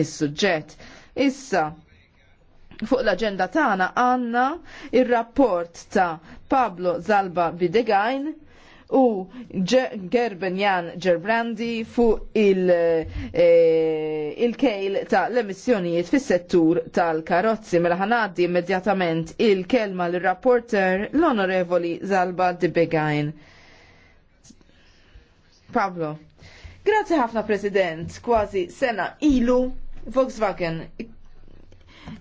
is-suġġett. Issa, fuq l-agenda tagħna għandna ir-rapport ta' Pablo Zalba Bidegain u Gerben Jan Gerbrandi fuq eh, il-kejl ta' l-emissjonijiet fis settur tal-karozzi. Mela ħanaddi immedjatament il-kelma l-rapporter l-onorevoli Zalba di Begain. Pablo. Grazie ħafna President, kważi sena ilu Volkswagen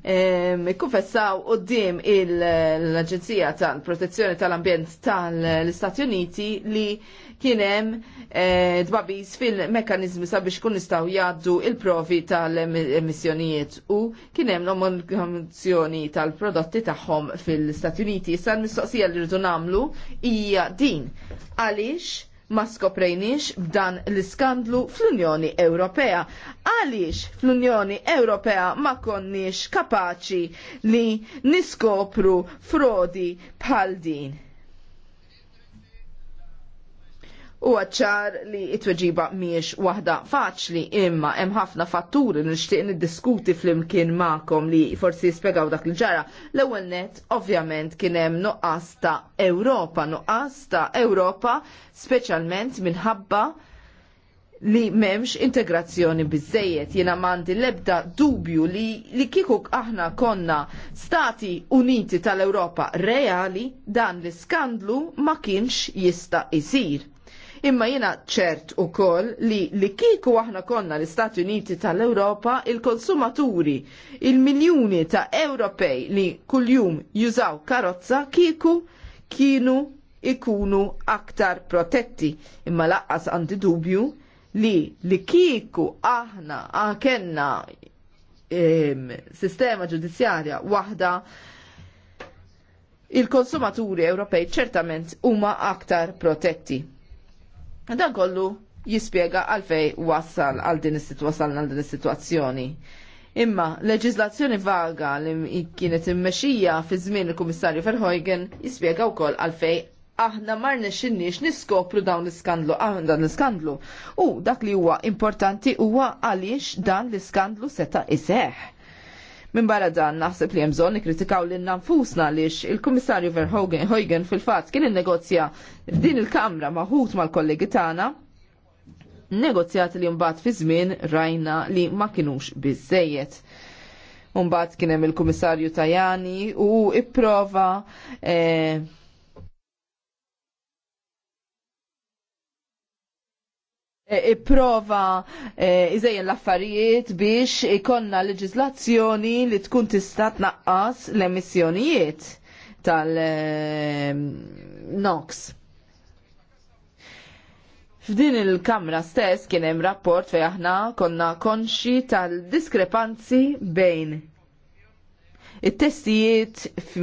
ehm, ikkonfessaw u d-dim l-Aġenzija tal-Protezzjoni tal-Ambjent tal-Istati Uniti li kienem eh, dbabiz fil-mekanizmi sabiex kun nistaw jaddu il-provi tal-emissjonijiet u kienem l-omonizjoni tal-prodotti tagħhom fil-Stati Uniti. Issa mistoqsija li rridu namlu hija din. Għaliex? ma skoprejniex b'dan l-iskandlu fl-Unjoni Ewropea. Għaliex fl-Unjoni Ewropea ma konniex kapaċi li niskopru frodi bħal din. u għadċar li it-tweġiba miex wahda faċli imma hemm ħafna fatturi nixtieq niddiskuti fl-imkien ma'kom li forsi spjegaw dak il-ġara. L-ewwel net ovvjament kien hemm nuqqas ta' Ewropa, nuqqas ta' Ewropa speċjalment minħabba li memx integrazzjoni bizzejiet. Jena mandi lebda dubju li, li kikuk aħna konna Stati Uniti tal-Europa reali dan l-iskandlu ma kienx jista' isir. Imma jina ċert u koll li li kiku aħna konna l-Istati Uniti tal-Europa il-konsumaturi, il miljuni ta' Ewropej li kuljum jużaw karozza kiku kienu ikunu aktar protetti. Imma laqqas għandi dubju li li kiku aħna għakenna sistema ġudizzjarja waħda il-konsumaturi Ewropej ċertament huma aktar protetti. Dan kollu jispjega għalfej wassal għal din is-sitwazzjoni għal din is-sitwazzjoni. Imma leġiżlazzjoni vaga li kienet immexija fi żmien il-Kummissarju Verhoeven jispjega wkoll għalfej aħna mar nexxinniex niskopru dawn l-iskandlu aħna dan l-iskandlu. U dak li huwa importanti huwa għaliex dan l-iskandlu seta' iseħħ Minn barra dan naħseb li hemm nikritikaw nikkritikaw nanfusna nfusna għaliex il-Kummissarju Verhoeven fil-fatt kien innegozja f'din il-Kamra maħut mal-kollegi tagħna negozjati li mbagħad fi żmien rajna li ma kinux biżejjed. Mbagħad kien hemm il-Kummissarju Tajani u ipprova eh, E, Iprova e, iżejjen l-affarijiet biex ikonna leġizlazzjoni li tkun tista' tnaqqas l-emissjonijiet tal-NOx. F'din il-kamra stess kien hemm rapport fejn aħna konna konxi tal-diskrepanzi bejn it-testijiet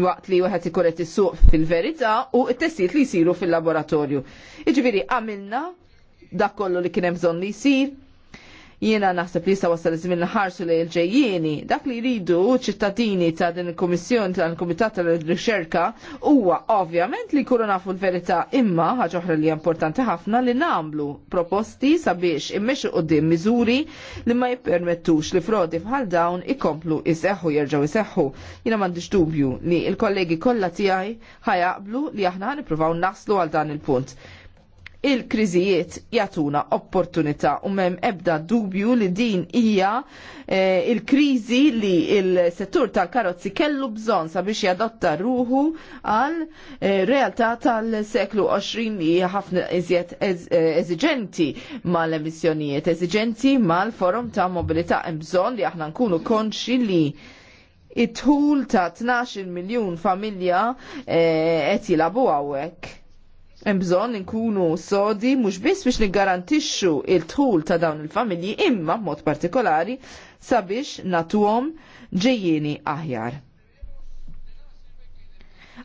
waqt li wieħed ikun qed issuq fil-verità u t testijiet li jsiru fil-laboratorju. Jiġifieri għamilna dak kollu li kien hemm bżonn li jsir. Jiena naħseb li jista' wasal iż-żmien ħarsu li l-ġejjieni. Dak li jridu ċittadini ta' din il-Kummissjoni tal-Kumitat tal-Riċerka huwa ovvjament li jkunu nafu l-verità imma ħaġa oħra li importanti ħafna li nagħmlu proposti sabiex immexi qudiem miżuri li ma jippermettux li frodi bħal dawn ikomplu iseħħu jerġgħu iseħħu. Jiena m'għandix dubju li l-kollegi kollha tiegħi ħajaqblu li aħna nippruvaw naslu għal dan il-punt il-kriżijiet jatuna opportunità u mem ebda dubju li din hija eh, il-kriżi li il-settur tal-karozzi kellu bżon sabiex jadotta ruħu għal eh, realtà tal-seklu 20 li ħafna iżjed eh, eżiġenti mal-emissjonijiet, eżiġenti mal-forum ta' mobilità hemm bżonn li aħna nkunu konxi li it-tul ta' 12 miljon familja eh, qed eh, jilabu hawnhekk Hemm bżonn inkunu sodi mhux biss biex niggarantixxu il-tħul ta' dawn il-familji imma b'mod partikolari sabiex natuhom ġejjieni aħjar.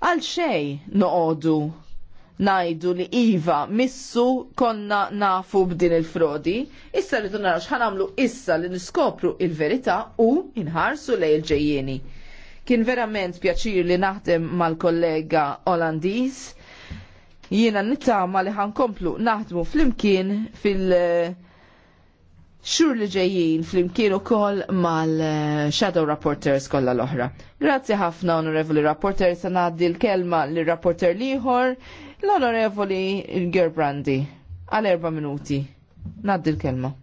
Għal xejn noqogħdu najdu li Iva missu konna nafu b'din il-frodi, issa rridu naraw ħanamlu issa li niskopru il-verità u inħarsu lej il-ġejjieni. Kien verament pjaċir li naħdem mal-kollega Olandiż Jiena nittama li ħankomplu naħdmu flimkien fil- xur li ġejjin flimkien ukoll mal-Shadow Rapporters kollha l-oħra. Grazzi ħafna Onorevoli Rapporter se ngħaddi l-kelma li Reporter liħor l-Onorevoli Gerbrandi għal erba' minuti. Ngħaddi l-kelma.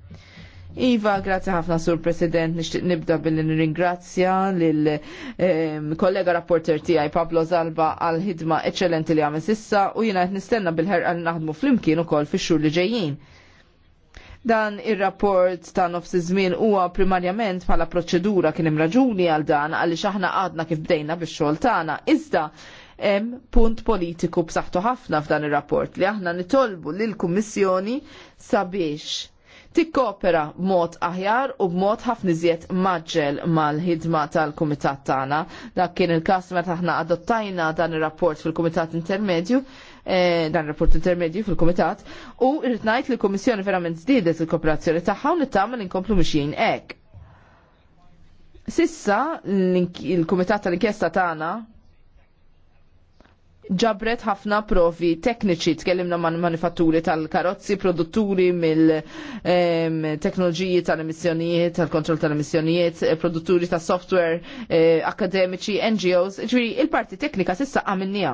Iva, grazie ħafna sur President, nishtiq nibda billi nirringrazzja lil ehm, kollega rapporter tiegħi Pablo Zalba għal ħidma eċċellenti li għamel sissa u jiena qed nistenna bil-ħerqa li naħdmu flimkien ukoll fix-xhur li ġejjin. Dan ir-rapport ta' nofs iż-żmien huwa primarjament bħala proċedura kien hemm raġuni għal dan għaliex aħna għadna kif bdejna bix-xogħol tagħna. Iżda hemm punt politiku b'saħħtu ħafna f'dan ir-rapport li aħna nitolbu lill-Kummissjoni sabiex tikkopera b'mod aħjar u b'mod ħafna iżjed maġġel mal-ħidma tal-kumitat tagħna. Dak kien il-każ meta aħna adottajna dan ir-rapport fil-kumitat intermedju eh, dan dan rapport intermedju fil kumitat u ngħid li l kummissjoni verament zdidet il-kooperazzjoni tagħha u nittama li nkomplu mixin hekk. Sissa l kumitat tal-Inkjesta tagħna ġabret ħafna provi tekniċi, tkellimna man manifatturi tal-karozzi, produtturi mill-teknoloġiji ehm, tal-emissjonijiet, tal-kontroll tal-emissjonijiet, eh, produtturi tal-software, eh, akademiċi, NGOs, ġviri il-parti teknika sissa għamilnija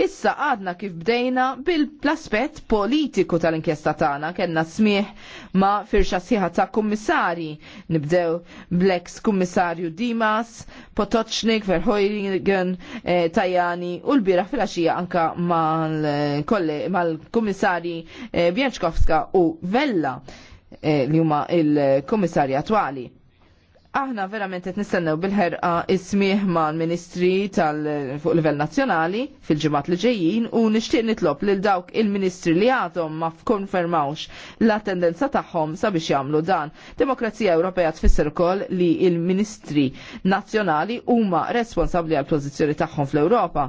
Issa għadna kif bdejna bil-aspett politiku tal-inkjesta tagħna kellna smieħ ma' firxa sieħa ta' kummissari. Nibdew Blex kummissarju Dimas, Potocznik, Verhoirigen, eh, Tajani u l-bira fil-axija anka mal-kummissari mal eh, Bjerċkowska u Vella eh, li huma il-kummissari attwali. Aħna verament qed nistennew bil-ħerqa smieħ mal-Ministri tal fuq livell nazzjonali fil-ġimgħat li ġejjin u nixtieq nitlob lil dawk il-Ministri li għadhom ma fkonfermawx l-attendenza tagħhom sabiex jagħmlu dan. Demokrazija Ewropea tfisser ukoll li l-Ministri nazzjonali huma responsabbli għall pożizzjoni tagħhom fl-Ewropa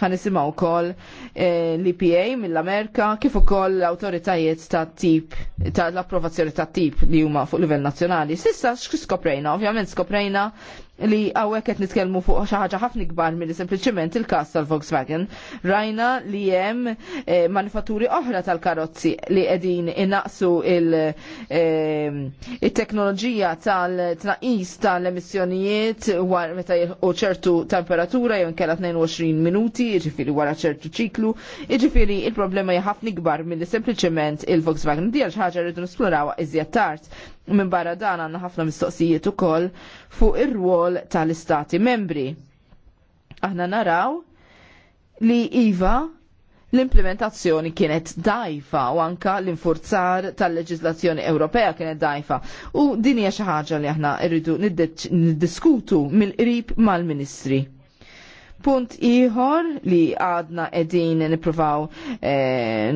kan nisimgħu wkoll eh, l-EPA mill-Amerika kif ukoll l-awtoritajiet tat-tip tal-approvazzjoni tat-tip li huma fuq livell nazzjonali. Sissa skoprejna, Ovvjament skoprejna li għawek qed nitkellmu fuq xi ħaġa ħafna kbar milli sempliċement il-każ tal-Volkswagen. Rajna li hemm eh, manifatturi oħra tal-karozzi li qegħdin innaqsu il-teknoloġija eh, tal-tnaqis tal-emissjonijiet meta u ċertu temperatura jew inkella 22 minuti, jiġifieri wara ċertu ċiklu, jiġifieri il-problema hija ħafna kbar milli sempliċement il-Volkswagen. Dija xi ħaġa rridu nisplorawha iżjed tard Minn barra dan għandna ħafna mistoqsijiet ukoll fuq ir-rwol tal-istati membri. Aħna naraw li iva l-implementazzjoni kienet dajfa u anka l-infurzar tal leġizlazzjoni Ewropea kienet dajfa. U din hija xi ħaġa li aħna rridu niddiskutu mill-qrib mal-Ministri. Punt ieħor li għadna qegħdin nippruvaw e,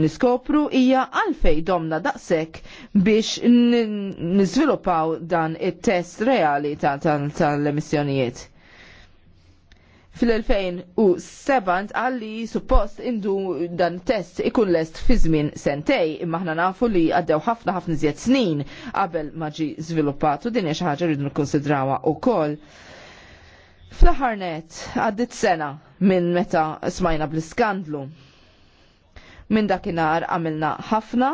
niskopru hija għalfej domna daqshekk biex nizvilupaw dan it-test reali tal-emissjonijiet. Ta, ta, ta fil-2007 għalli suppost indu dan test ikun lest fi żmien sentej imma aħna nafu li għaddew ħafna ħafna iżjed snin qabel ma ġi u din hija xi ħaġa rridu nikkonsidrawha wkoll. Fl-aħħar nett għaddit sena minn meta smajna bl-iskandlu. Minn dakinhar għamilna ħafna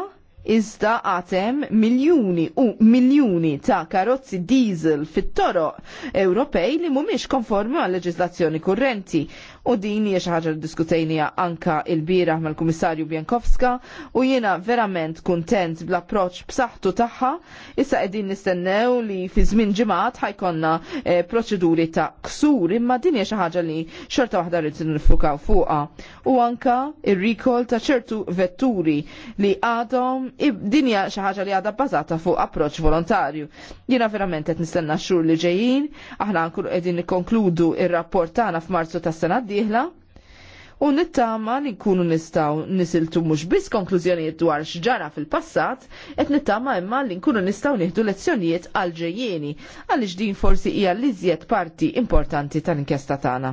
iżda għatem miljuni u miljuni ta' karozzi diesel fit-toro Ewropej li mumiex konformi għal leġislazzjoni kurrenti u din hija xi ħaġa li diskutejnija anka lbieraħ bieraħ mal-Kummissarju Bjankowska u jiena verament kuntent bl-approċċ b'saħħtu tagħha issa qegħdin nistennew li fi żmien ġimgħat ħajkonna eh, proċeduri ta' ksur imma din hija xi ħaġa li xorta waħda rrid nifukaw fuqha. U anka ir-recall ta' ċertu vetturi li għadhom din hija xi ħaġa li għadha bbażata fuq approċċ volontarju. Jiena verament qed nistenna x-xhur li ġejjin, aħna qegħdin nikkonkludu ir-rapport tagħna f'Marzu tas-sena d d u nittama li nkunu nistaw nisiltu mhux biss konklużjonijiet dwar x'ġara fil-passat, qed nittama imma li nkunu nistaw nieħdu lezzjonijiet għal ġejjieni għaliex din forsi hija l-iżjed parti importanti tal-inkjesta tagħna.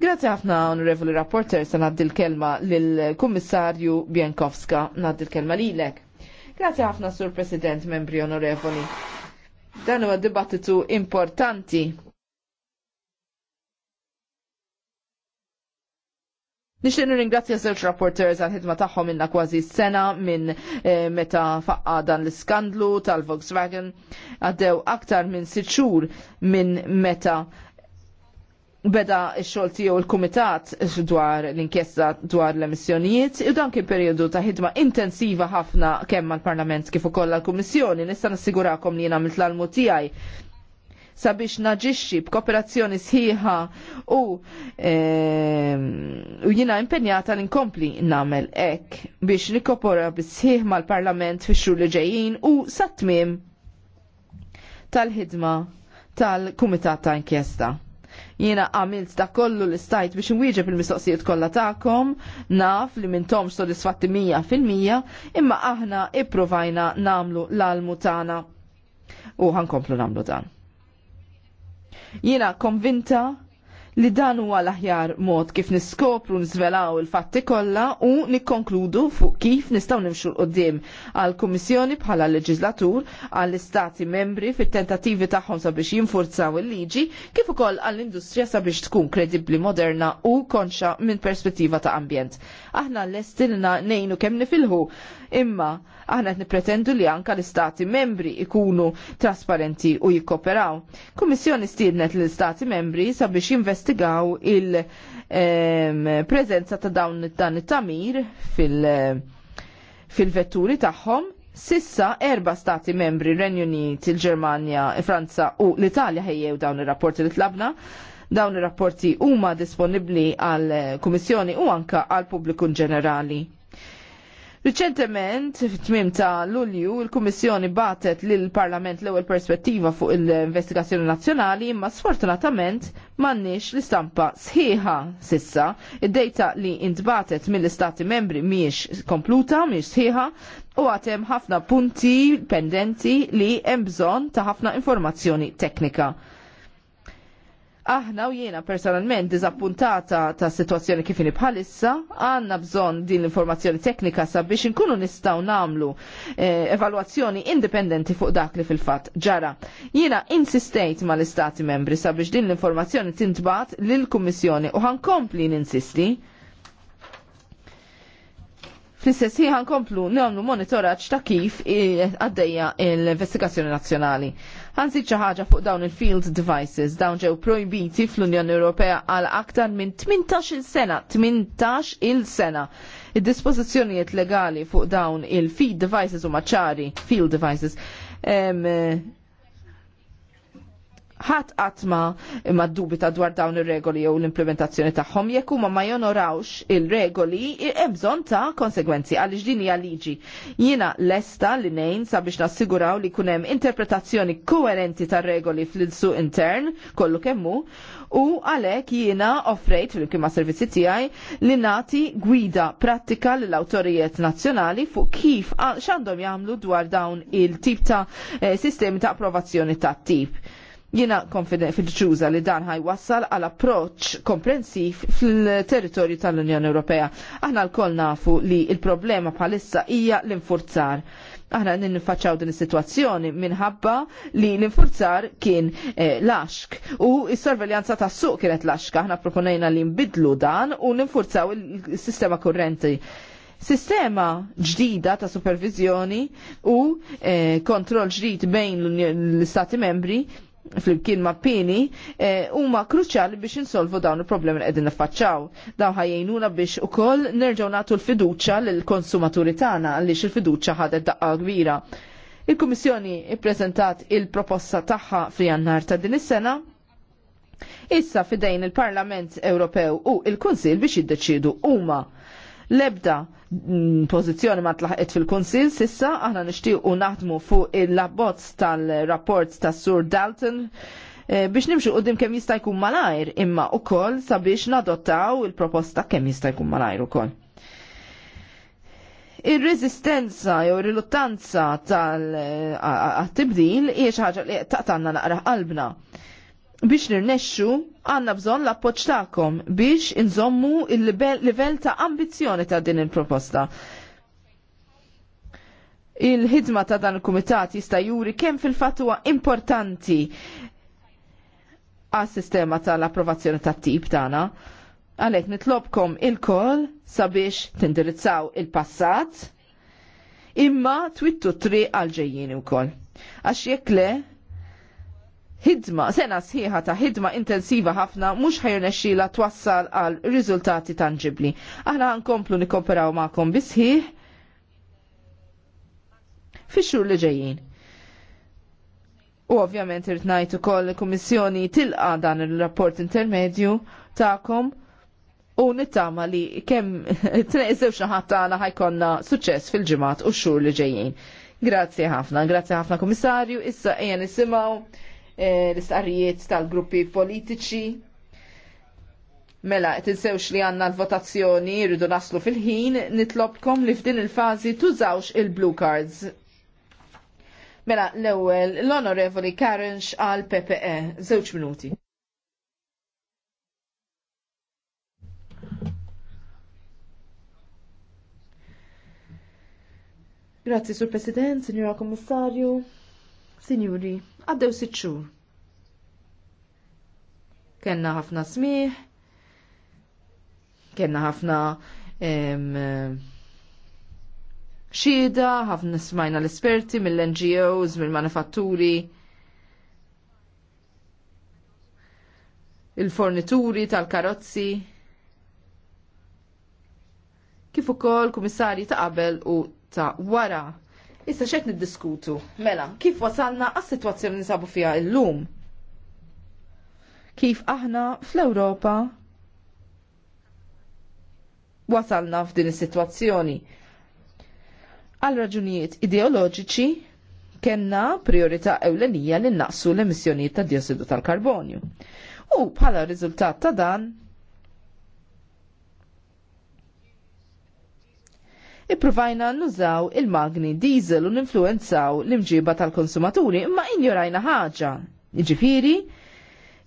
Grazie ħafna onorevoli rapporter se ngħaddi l-kelma lill-Kummissarju Bienkowska ngħaddi l-kelma lilek. Grazie ħafna Sur President, membri onorevoli. Dan huwa dibattitu importanti Nixtieq nirringrazzja żewġ rapporters għal ħidma tagħhom minna kważi sena minn eh, meta faqqa dan l-iskandlu tal-Volkswagen għaddew aktar minn sitt xhur minn meta beda x-xogħol tiegħu l-kumitat dwar l-inkjesta dwar l-emissjonijiet u dan kien perjodu ta' ħidma intensiva ħafna kemm mal-Parlament kif ukoll l-Kummissjoni nista' nassigurakom li jiena l almu tiegħi sabiex naġixxi b'kooperazzjoni sħiħa u ehm, u jina impenjata li nkompli nagħmel hekk biex nikkopora bis-sħiħ mal-Parlament fix-xhur li ġejjin u sat-tmiem tal-ħidma tal-Kumitat ta' Inkjesta jiena għamilt da kollu l-istajt biex nwieġeb il-mistoqsijiet kollha tagħkom, naf li mintom sodisfatti mija fil-mija, imma aħna ipprovajna namlu l-almu tagħna u ħankomplu namlu dan. Jiena konvinta li dan huwa l-aħjar mod kif niskopru nizvelaw il-fatti kollha u nikkonkludu fuq kif nistgħu nimxu l għall kummissjoni bħala leġislatur għall istati membri fit-tentattivi tagħhom sabiex jinfurzaw il-liġi kif ukoll għall-industrija sabiex tkun kredibbli moderna u konxa minn perspettiva ta' ambjent. Aħna l-estilna nejnu kemm nifilħu imma Aħna qed nippretendu li anka l-istati membri ikunu trasparenti u jikkoperaw. Kummissjoni stiednet l-istati membri sabiex jinvestigaw il-preżenza ehm, ta' dawn dan it-tamir fil-vetturi tagħhom Sissa erba stati membri, Renju Unit, il-Germania, Franza u l-Italja ħejjew dawn ir-rapporti li tlabna. Dawn ir-rapporti huma disponibbli għal Kummissjoni u anka għal pubbliku ġenerali. Riċentement, fit-tmim ta' Lulju, il-Kummissjoni batet lill parlament l-ewwel perspettiva fuq l-investigazzjoni nazzjonali, imma sfortunatament m'għandniex l-istampa sħiħa sissa. Id-dejta li intbatet mill-Istati membri miex kompluta, miex sħiħa, u għatem ħafna punti pendenti li hemm bżonn ta' ħafna informazzjoni teknika. Aħna u jiena personalment diżappuntata ta' situazzjoni kifini bħalissa, għanna bżon din l-informazzjoni teknika sabiex inkunu nistaw namlu eh, evalwazzjoni indipendenti fuq dak li fil-fat ġara. Jiena insistejt ma l-Istati membri sabiex din l-informazzjoni tintbat lill-Kummissjoni u ħankompli ninsisti Fl-istess ħin komplu nagħmlu monitoraġġ ta' kif eh, għaddejja l-investigazzjoni nazzjonali. Għanżid xi ħaġa fuq dawn il-field devices dawn ġew projbiti fl-Unjoni Ewropea għal aktar minn 18 sena, 18 il-sena. Id-dispożizzjonijiet legali fuq dawn il-field devices huma ċari, field devices. Eh, ħadd qatt ma ddubita dwar dawn ir-regoli jew l-implementazzjoni tagħhom jekk huma ma jonorawx il-regoli hemm bżonn ta' konsegwenzi għaliex din hija liġi. Jiena lesta li ngħin sabiex nassiguraw li jkun hemm interpretazzjoni koerenti tar-regoli fl-suq intern kollu kemm hu, u għalhekk jiena offrejt fil kima servizzi tiegħi li nagħti gwida prattika lill awtorijiet nazzjonali fuq kif x'għandhom jagħmlu dwar dawn il-tip ta' eh, sistemi ta' approvazzjoni tat-tip Jina fil-ċuża li dan ħajwassal għal approċ komprensiv fil-territorju tal-Unjoni Ewropea. Aħna l-koll nafu li il-problema bħalissa hija l-infurzar. Aħna ninfaċċaw din is-sitwazzjoni minħabba li l-infurzar kien eh, laxk u s-sorveljanza tas suq kienet laxka. Aħna proponejna li nbidlu dan u ninfurzaw il-sistema kurrenti sistema ġdida ta' supervizjoni u eh, kontroll ġdid bejn l istati membri fl-imkien ma' pini, eh, huma e, kruċjali biex insolvu dawn il-problemi li qegħdin niffaċċaw. Daw ħajjejnuna biex ukoll nerġgħu nagħtu l-fiduċja lill-konsumaturi tagħna għaliex il-fiduċja ħadet daqqa kbira. Il-Kummissjoni ippreżentat il-proposta tagħha fi jannar ta' din is-sena Issa fidejn il-Parlament Ewropew u il-Kunsil biex jiddeċidu huma l-ebda Mm, pożizzjoni ma tlaħqet fil-Kunsil sissa aħna nixtiequ naħdmu fuq il-labbozz tal-rapport tas Sur Dalton eh, biex nimxu qudiem kemm jista' jkun malajr imma wkoll sabiex nadottaw il-proposta kemm jista' jkun malajr ukoll. Ir-reżistenza jew riluttanza tal-tibdil eh, hija xi ħaġa li taqtanna naqra qalbna biex nirnexxu għanna bżon l-appoċ tagħkom biex inżommu il-livell ta' ambizzjoni ta' din il-proposta. Il-ħidma ta' dan il-kumitat jista' juri kemm fil-fatt huwa importanti għas sistema tal-approvazzjoni tat tip tagħna. Għalhekk nitlobkom il koll sabiex tindirizzaw il-passat imma twittu tri għal u koll. Għax jekk le, ħidma, sena sħiħa ta' ħidma intensiva ħafna mhux ħajrnexxila twassal għal riżultati tangibli. Aħna nkomplu nikkoperaw magħkom bisħiħ fix-xhur li ġejjin. U ovvjament irid ngħid ukoll il-Kummissjoni tilqa dan ir-rapport intermedju tagħkom u nittama li kemm tneqsew xi ħadd tagħna ħajkonna suċċess fil-ġimgħat u x-xhur li ġejjin. Grazzi ħafna, grazzi ħafna Kummissarju, issa ejja nisimgħu Eh, l istarijiet tal-gruppi politiċi. Mela, tinsewx li għanna l-votazzjoni rridu naslu fil-ħin, nitlobkom li f'din il-fazi tużawx il-blue cards. Mela, l-ewel, l-onorevoli Karenx għal PPE, zewċ minuti. Grazzi, Sur President, Signora Kommissarju, Signori għaddew sitt xhur. Kenna ħafna smih, kenna ħafna eh, xhieda, ħafna smajna l-esperti mill-NGOs, mill-manifatturi, il-fornituri tal-karozzi kif ukoll kummissarji ta' qabel u ta' wara Issa xejn niddiskutu. Mela, kif wasalna għas-sitwazzjoni li sabu fiha lum Kif aħna fl-Ewropa wasalna f'din is-sitwazzjoni. Għal raġunijiet ideoloġiċi kena priorità ewlenija li naqsu l-emissjonijiet ta' diossidu tal-karbonju. U bħala riżultat ta' dan, Ipprovajna nużaw il-magni diesel u ninfluenzaw l-imġiba tal-konsumaturi, imma injorajna ħaġa. Ġifiri,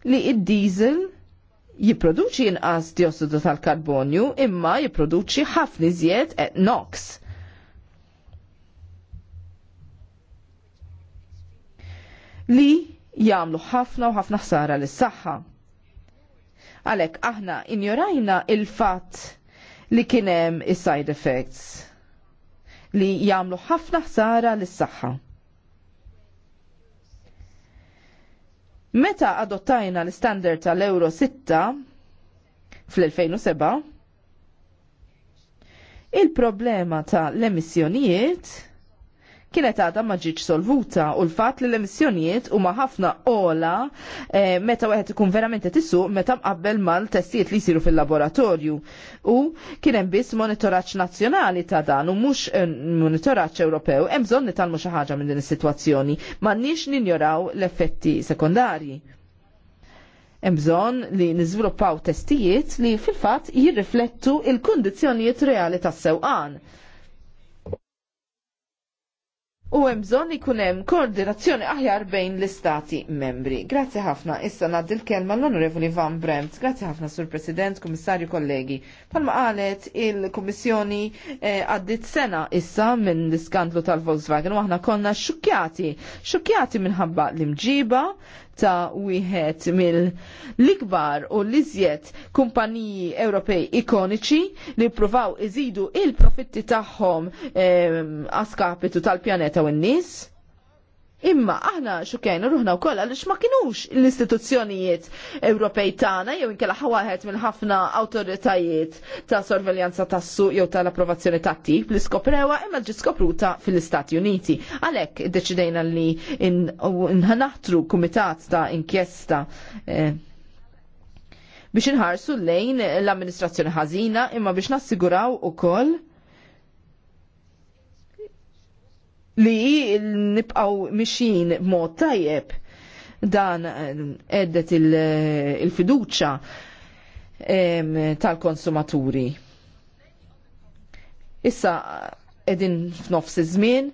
li id-diesel jipproduċi inqas diossidu tal-karbonju imma jipproduċi ħafna iżjed NOx. Li jagħmlu ħafna u ħafna ħsara lis saħħa Għalhekk aħna injorajna il-fatt li kien hemm is-side effects li jagħmlu ħafna ħsara lis-saħħa. Meta adottajna l-standard tal-Euro 6 fl-2007, il-problema ta' l-emissjonijiet kienet għadha ma ġietx solvuta u l-fatt li l-emissjonijiet huma ħafna ola eh, meta wieħed ikun verament qed meta mqabbel mal-testijiet li jsiru fil-laboratorju. U kien hemm biss monitoraġġ nazzjonali ta' dan u mhux eh, monitoraġġ Ewropew hemm bżonn nitalmu xi ħaġa minn din is-sitwazzjoni, m'għandniex ninjoraw l-effetti sekondarji hemm bżonn li niżviluppaw testijiet li fil-fatt jirriflettu il-kundizzjonijiet reali tas-sewqan u hemm bżonn ikun hemm koordinazzjoni aħjar bejn l-istati membri. Grazzi ħafna, issa ngħaddi l-kelma l-Onorevoli Van Bremt. Grazzi ħafna sur President, Kummissarju kollegi. Palma qalet il-Kummissjoni eh, għaddit eh, sena issa minn l-iskandlu tal-Volkswagen u aħna konna xukjati, xukjati minħabba l-imġiba ta' wieħed mill-ikbar u l-iżjed kumpaniji Ewropej ikoniċi li pruvaw iżidu il-profitti tagħhom ehm, għaskapitu tal-pjaneta u n-nies. Imma aħna xukajna ruħna u koll għalix ma kienux l-istituzzjonijiet Ewropej tagħna jew inkella ħawaħet minn ħafna awtoritajiet ta' sorveljanza tas su jew tal-approvazzjoni ta' tip li skoprewa imma ġi skopruta fil-Istati Uniti. Għalhekk deċidejna li nħanaħtru kumitat ta' inkjesta eh, biex inħarsu lejn l-amministrazzjoni ħażina imma biex nassiguraw ukoll li nibqaw mixin b'mod tajjeb dan eh, eddet eh, il-fiduċa tal-konsumaturi. Issa edin f'nofs iż-żmien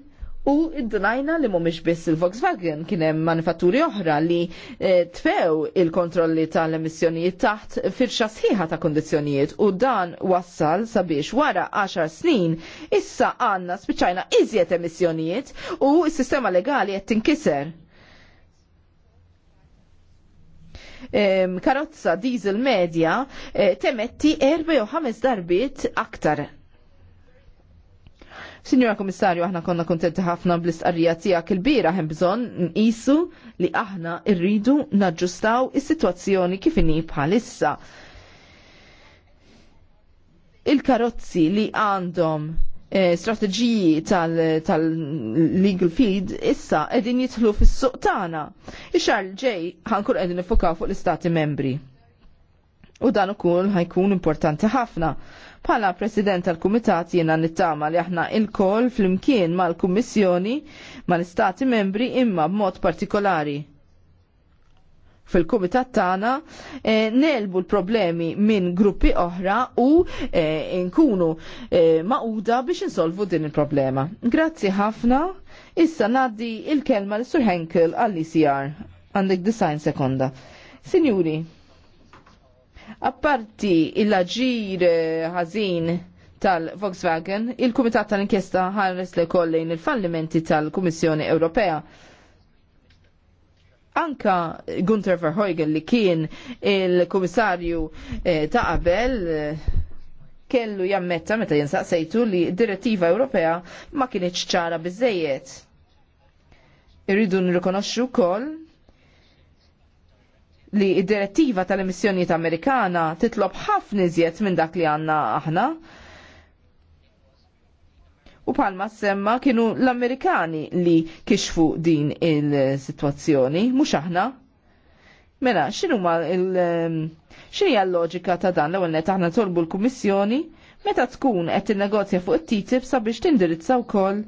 u id-dunajna li mhumiex biss il-Volkswagen kien hemm manifatturi oħra li eh, tfew il-kontrolli tal-emissjonijiet taħt firxa sħiħa ta' kondizjonijiet u dan wassal sabiex wara 10 snin issa għandna spiċajna iżjed emissjonijiet u s-sistema legali qed tinkiser. karozza diesel medja eh, temetti 4 u 5 darbit aktar Signora Komissarju, aħna konna kontenti ħafna bl-istqarrija tiegħek il-bira hemm bżonn nqisu li aħna rridu naġġustaw is-sitwazzjoni kif inhi bħalissa. Il-karozzi li għandhom eh, strategiji tal-legal feed issa edin jitħlu fis tagħna. Ix-xar ġej ħankur qegħdin nifokaw fuq l-istati membri. U dan ukoll ħajkun importanti ħafna. Pala President tal-Kumitat jiena nittama li aħna il koll fl-imkien mal-Kummissjoni mal-Istati membri imma b'mod partikolari fil-kumitat tagħna eh, nelbu l-problemi minn gruppi oħra u eh, nkunu eh, maquda biex insolvu din il-problema. Grazzi ħafna. Issa naddi il-kelma l-Sur Henkel għall-ICR. Għandek design sekonda. Signori, Apparti il-aġir eh, ħażin tal-Volkswagen, il-Kumitat tal-Inkjesta ħares li kollin il-fallimenti tal-Kummissjoni Ewropea anka Gunter Verheugen li kien il-komissarju eh, ta' qabel eh, kellu jammetta meta jinsaqsejtu li direttiva Ewropea ma kienieċ ċara biżejjed. Irridu nirrikonoxxu wkoll li id-direttiva tal-emissjonijiet Amerikana titlob ħafna iżjed minn dak li għanna aħna. U palma semma kienu l-Amerikani li kixfu din il-situazzjoni, mux aħna. Mela, xinu ma il- ehm, xini l-loġika ta' dan l-ewel net aħna tolbu l-Kummissjoni meta tkun qed il-negozja fuq it-TTIP sabiex tindirizza wkoll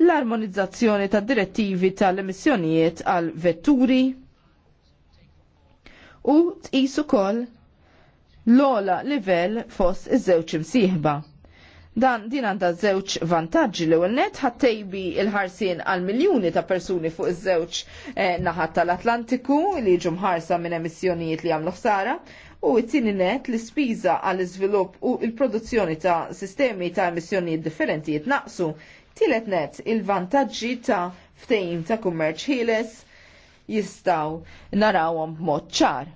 l-armonizzazzjoni tad direttivi tal-emissjonijiet għal vetturi, u tqis ukoll l-ola livell fost iż-żewġ imsieħba. Dan din għandha żewġ vantaġġi li ewwel net ħattejbi l-ħarsien għal miljuni ta' persuni fuq iż-żewġ eh, naħat tal-Atlantiku li jiġu mħarsa minn emissjonijiet li għamlu ħsara u t-tieni net l-ispiża għall iżvilupp u l-produzzjoni ta' sistemi ta' emissjonijiet differenti jitnaqsu. Tielet net il-vantaġġi ta' ftejim ta' kummerċ ħieles jistaw narawhom b'mod ċar.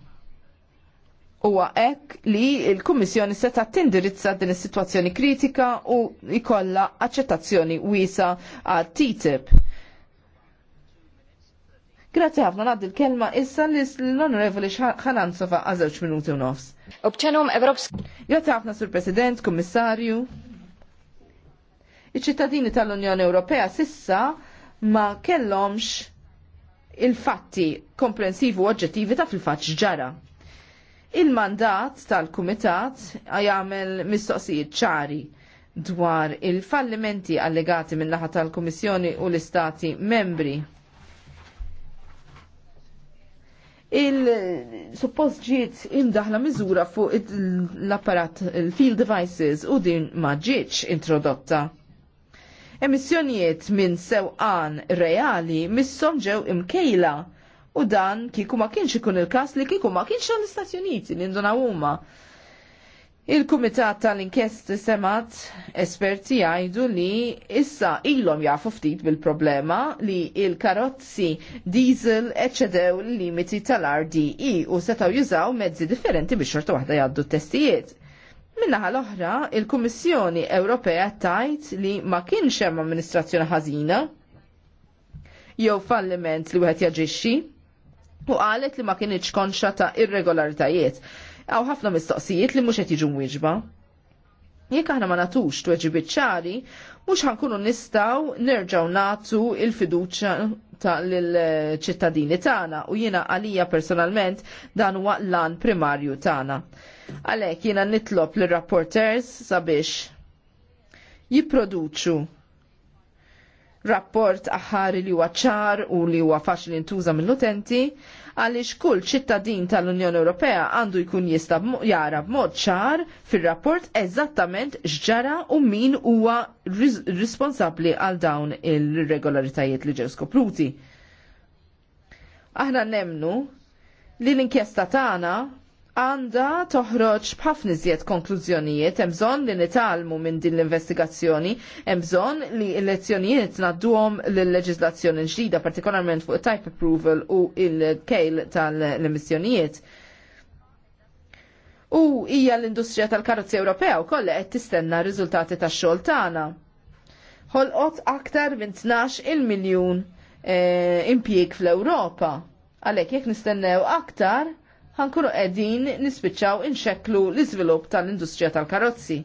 Huwa hekk li l-Kummissjoni seta tindirizza din is-sitwazzjoni kritika u jkollha aċċettazzjoni wiesa għal TTIP. Grazie ħafna għad il-kelma issa l-onorevoli sofa għazewċ minuti u nofs. Obċenum Evropsk. Grazie ħafna sur President, Kommissarju. Iċ-ċittadini tal-Unjoni Ewropea sissa ma kellomx il-fatti komprensivi u oġġettivi ta' fil-fatt ġara. Il-mandat tal-Kumitat jagħmel mistoqsijiet ċari dwar il-fallimenti allegati minn naħa tal-Kummissjoni u l-Istati membri. Il-suppost ġiet imdaħla miżura fuq l-apparat il-field devices u din ma ġietx introdotta. Emissjonijiet minn sewqan reali missom ġew imkejla u dan kieku ma kienx ikun il-kas li kieku ma kienx l-Istati Uniti li nduna huma. Il-Kumitat tal-Inkjesti semat esperti jgħidu li issa ilhom jafu ftit bil-problema li il-karozzi diesel eċedew il limiti tal-RDE u setaw jużaw mezzi differenti biex xorta waħda jgħaddu testijiet. Minnaħal l-oħra, il-Kummissjoni Ewropea tajt li ma kienx hemm amministrazzjoni ħażina jew falliment li wieħed jaġixxi u qalet li ma kienx konxa ta' irregolaritajiet. Aw ħafna mistoqsijiet li mhux qed jiġu mwieġba. Jekk aħna ma natux tweġibiet ċari, mhux ħankunu nistgħu nerġgħu nagħtu il-fiduċja ta' lill-ċittadini tagħna u jiena għalija personalment dan huwa l lan primarju tagħna. Għalhekk jiena nitlob li rapporters sabiex jipproduċu rapport aħari li huwa ċar u li huwa faċli ntuża mill-utenti għaliex kull ċittadin tal-Unjoni Ewropea għandu jkun jista' jara b'mod ċar fir-rapport eżattament x'ġara u min huwa responsabbli għal dawn ir-regolaritajiet li ġew skopruti aħna nemnu li l-inkjesta tagħna għanda toħroġ b'ħafna iżjed konklużjonijiet, hemm bżonn li nitalmu minn din l-investigazzjoni, hemm bżonn li l-lezzjonijiet ngħadduhom lill-leġiżlazzjoni ġdida, partikolarment fuq type approval u il-kejl tal-emissjonijiet. U hija l-industrija tal-karozzi Ewropea kollha qed tistenna riżultati tax-xogħol tagħna. Ħolqot aktar minn 12 il miljun eh, impjieg fl-Ewropa. Għalhekk jekk nistennew aktar, ħankunu qegħdin nispiċċaw inxekklu l-iżvilupp tal-industrija tal-karozzi.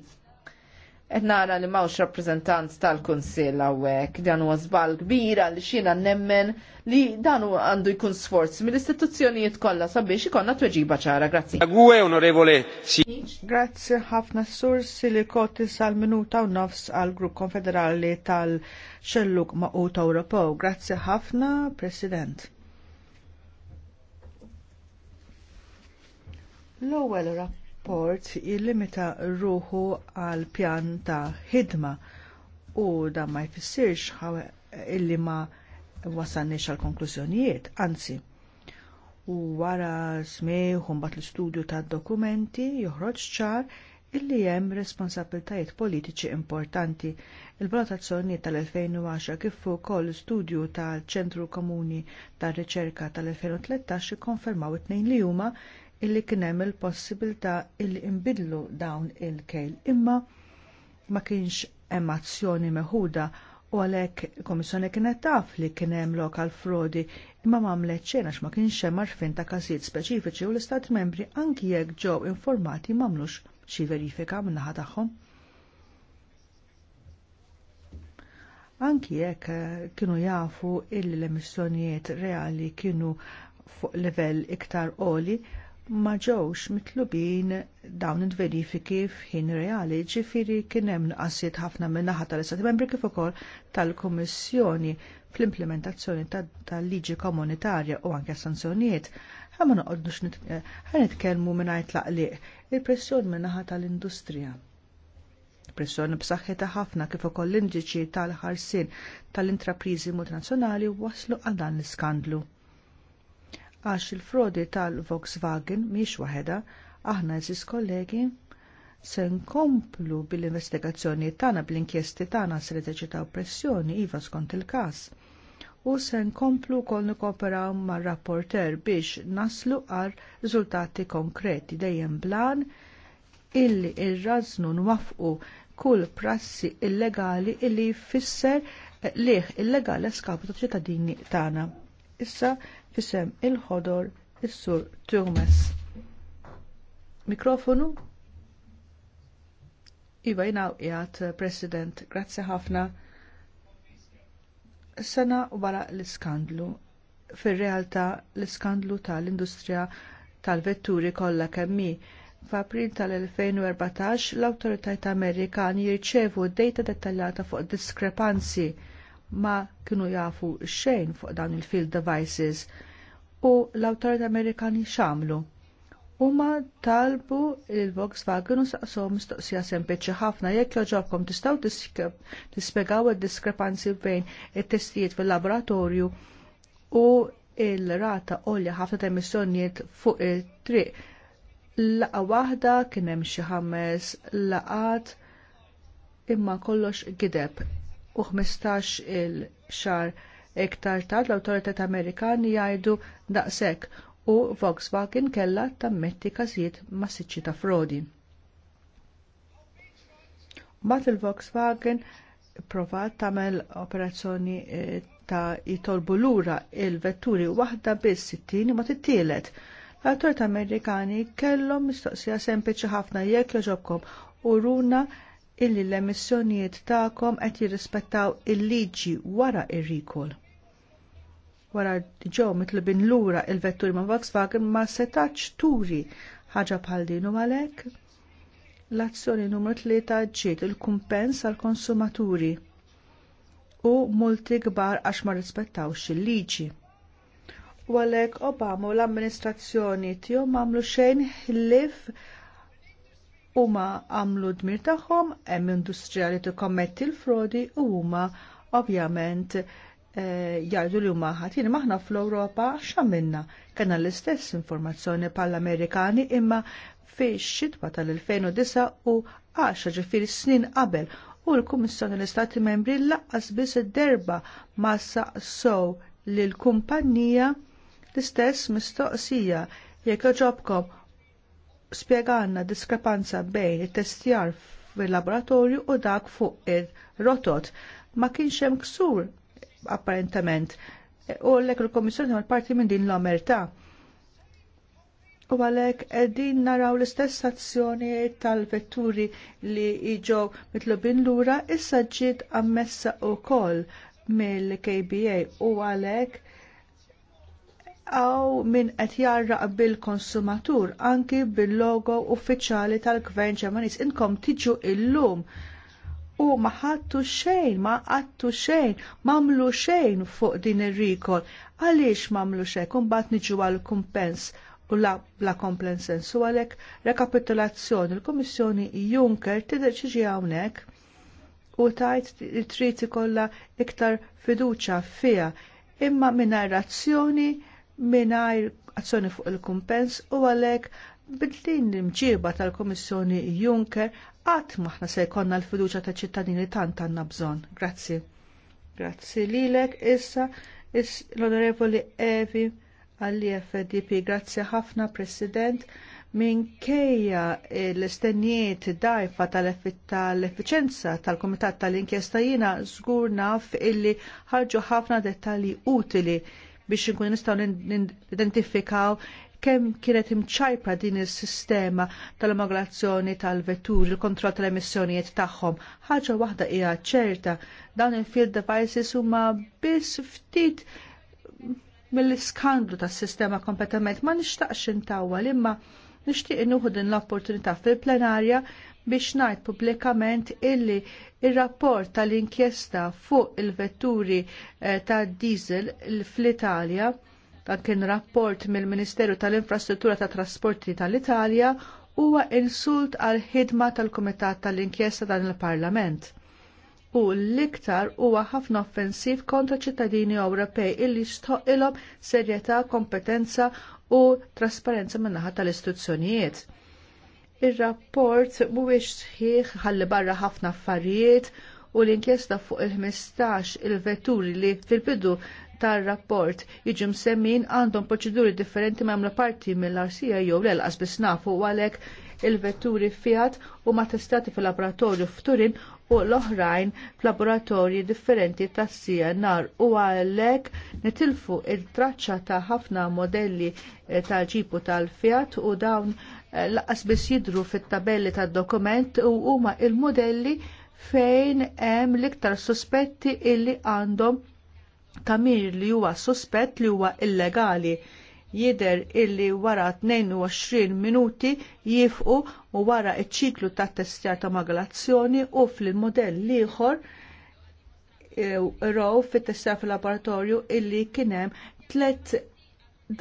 Qed nara li mawx rappreżentant tal-Kunsill hawnhekk dan huwa żball kbir li xina nemmen li dan għandu jkun sforz mill-istituzzjonijiet kollha sabiex ikonna tweġiba ċara. Grazzi. Gwe onorevole. Grazzi ħafna sur kotis għal minuta u nofs għal-Grupp Konfederali tal-Xelluk Maqut Ewropew. Grazzi ħafna, President. L-ewwel rapport jillimita ruħu għal pjan ta' ħidma u dan ma jfissirx illi ma wasalniex għal konklużjonijiet, anzi. U wara smieħ u mbagħad l-istudju tad dokumenti joħroġ ċar illi hemm responsabiltajiet politiċi importanti. Il-valutazzjoni tal-2010 kif ukoll studju tal-Ċentru Komuni tar-Riċerka tal-2013 ikkonfermaw it-tnejn li huma illi kien hemm il-possibilità illi imbidlu dawn il-kejl. Imma ma kienx hemm azzjoni meħuda u għalhekk il-Komissjoni kienet taf li kien hemm lokal frodi imma m'għamlet xejn għax ma kienx hemm għarfien ta' każijiet speċifiċi u l-Istat membri anki jekk ġew informati m'għamlux xi verifika min-naħa tagħhom. Anki jekk eh, kienu jafu illi l-emissjonijiet reali kienu fuq livell iktar qoli, ma ġewx mitlubin dawn il-verifiki f'ħin reali ġifiri kien hemm nuqqasiet ħafna minn naħa tal-Istati Membri kif ukoll tal-Kummissjoni fl-implementazzjoni tal-liġi komunitarja u anke sanzjonijiet. Ħamma noqgħodux eh, ħanitkellmu mingħajr tlaqliq il-pressjoni min naħa tal-industrija. Pressjoni b'saħħitha ħafna kif ukoll l-indiċi tal-ħarsien tal-intrapriżi multinazzjonali waslu għal dan l-iskandlu għax il-frodi tal-Volkswagen miex waħedha, aħna eżis kollegi se nkomplu bil-investigazzjoni tagħna bl-inkjesti tagħna se teċitaw pressjoni iva skont il-każ. U se nkomplu wkoll nikkooperaw mar-rapporter biex naslu għal riżultati konkreti dejjem blan illi irraznu il nwaffqu kull prassi illegali illi jfisser liħ illegali skapu ta' ċittadini tagħna. Issa Isem il-ħodor is-sur Turmes. Mikrofonu? Iva jinaw jgħat eh, President, grazzi ħafna. Sena wara l-iskandlu. Fir-realtà l-iskandlu tal-industrija tal-vetturi kollha kemmi. F'April tal-2014 l-awtoritajiet Amerikani jirċevu dejta dettaljata fuq diskrepanzi ma kienu jafu xejn fuq dawn il-field devices u l-autorit Amerikani xamlu. Huma talbu il-Volkswagen u saqsom mistoqsija sempliċi ħafna jekk joġobkom tistgħu tispjegaw id-diskrepanzi bejn it-testijiet fil-laboratorju u il-rata olja ħafna ta' emissjonijiet fuq it-triq. Laqa waħda kien hemm xi ħames laqat imma kollox gideb u 15 il-xar iktar tard l-autoritet Amerikani jgħidu daqsek u Volkswagen kella tammetti każijiet massiċċi ta' frodi. Mat il-Volkswagen provat tagħmel operazzjoni eh, ta' jitolbu lura il-vetturi waħda biss 60 ma tittielet. L-autorità Amerikani kellhom mistoqsija sempliċi ħafna jekk joġobkom u runa illi l-emissjonijiet tagħkom qed jirrispettaw il-liġi wara ir recall Wara ġew mitlubin lura il-vetturi ma' Volkswagen ma setax turi ħaġa bħal din u għalhekk l-azzjoni numru 3 ġiet il-kumpens għall konsumaturi u multi kbar għax ma rispettawx il-liġi. U għalhekk Obama u l-amministrazzjoni tiegħu m'għamlu xejn ħlief huma għamlu dmir tagħhom, hemm industrija li tikkommetti l-frodi u huma ovvjament eh, jgħidu li huma ħatin maħna fl-Ewropa x'għamilna. Kena l-istess informazzjoni pal-Amerikani imma fix-xitwa tal-2009 u 10 ġifir snin qabel u l-Kummissjoni l-Istati Membri laqqas biss id-derba ma saqsow lill kumpanija l-istess mistoqsija jekk ġobkom spiega diskrepanza bejn it-testjar fil-laboratorju u dak fuq ir-rotot. Ma kienx hemm ksur apparentament. U l-ek il-Komissjoni għal parti minn din l-omerta. U għalek din naraw l-istess azzjoni tal-vetturi li iġo mitlubin l-ura issa ġiet ammessa u koll mill-KBA u għalek għaw min qed jarra bil-konsumatur anki bil-logo uffiċjali tal-Gvern Ġermaniż inkom tiġu illum u ma ħadtu xejn, ma qattu xejn, mamlu xejn fuq din ir-rikol. Għaliex mamlu xejn, kumbat niġu għal kumpens u la, la komplensens u għalek rekapitolazzjoni il-Komissjoni Juncker tiddeċiġi hawnhekk u tajt trid ikollha iktar fiduċja fiha imma minna razzjoni mingħajr azzjoni fuq il-kumpens u għalhekk bidlin l-imġiba tal-Komissjoni Juncker qatt maħna se jkollna l-fiduċja ta' ċittadini tant għandna bżonn. Grazzi. Grazzi lilek issa is l-Onorevoli Evi għall-IFDP. Grazzi ħafna, President. Minkejja l-istennijiet dajfa tal-effiċenza tal-Komitat tal-Inkjesta jina żgur naf illi ħarġu ħafna dettalji utili biex inkun nistgħu identifikaw kemm kienet imċajpra din is-sistema tal-immigrazzjoni tal-vetturi, il-kontroll tal-emissjonijiet tagħhom. Ħaġa waħda hija ċerta, dawn il-field devices huma biss ftit mill-iskandlu tas-sistema kompletament ma nixtaqx intawwa imma nixtieq inuħu din l-opportunità fil-plenarja biex ngħid pubblikament illi r il rapport tal-inkjesta fuq il-vetturi eh, tad diesel fl-Italja dan kien rapport mill-Ministeru tal-Infrastruttura tat Trasporti tal-Italja huwa insult għal ħidma tal-Kumitat tal-Inkjesta dan il-Parlament u l-iktar huwa ħafna offensiv kontra ċittadini Ewropej illi stoqilhom serjetà, kompetenza u trasparenza min-naħa tal-istituzzjonijiet. Ir-rapport mhuwiex sħiħ ħalli barra ħafna affarijiet u l-inkjesta fuq il-15 il-vetturi li fil-bidu tar-rapport jiġu msemmin għandhom proċeduri differenti ma' parti mill-arsija jew l-elqas bisnafu għalek għalhekk il-vetturi Fiat u ma testati fil-laboratorju f'Turin u l-oħrajn f'laboratorji differenti tas cnr u għalhekk nitilfu il-traċċa ta' ħafna modelli eh, tal-ġipu tal-fjat u dawn eh, laqas biss jidhru fit-tabelli tad-dokument u huma l modelli fejn hemm l-iktar sospetti illi għandhom tamir li huwa sospett li huwa illegali jider illi wara 22 minuti jifqu u wara iċ-ċiklu ta' testjar ta' magalazzjoni u fil-modell liħor e, raw fit testjar fil-laboratorju illi kienem tlet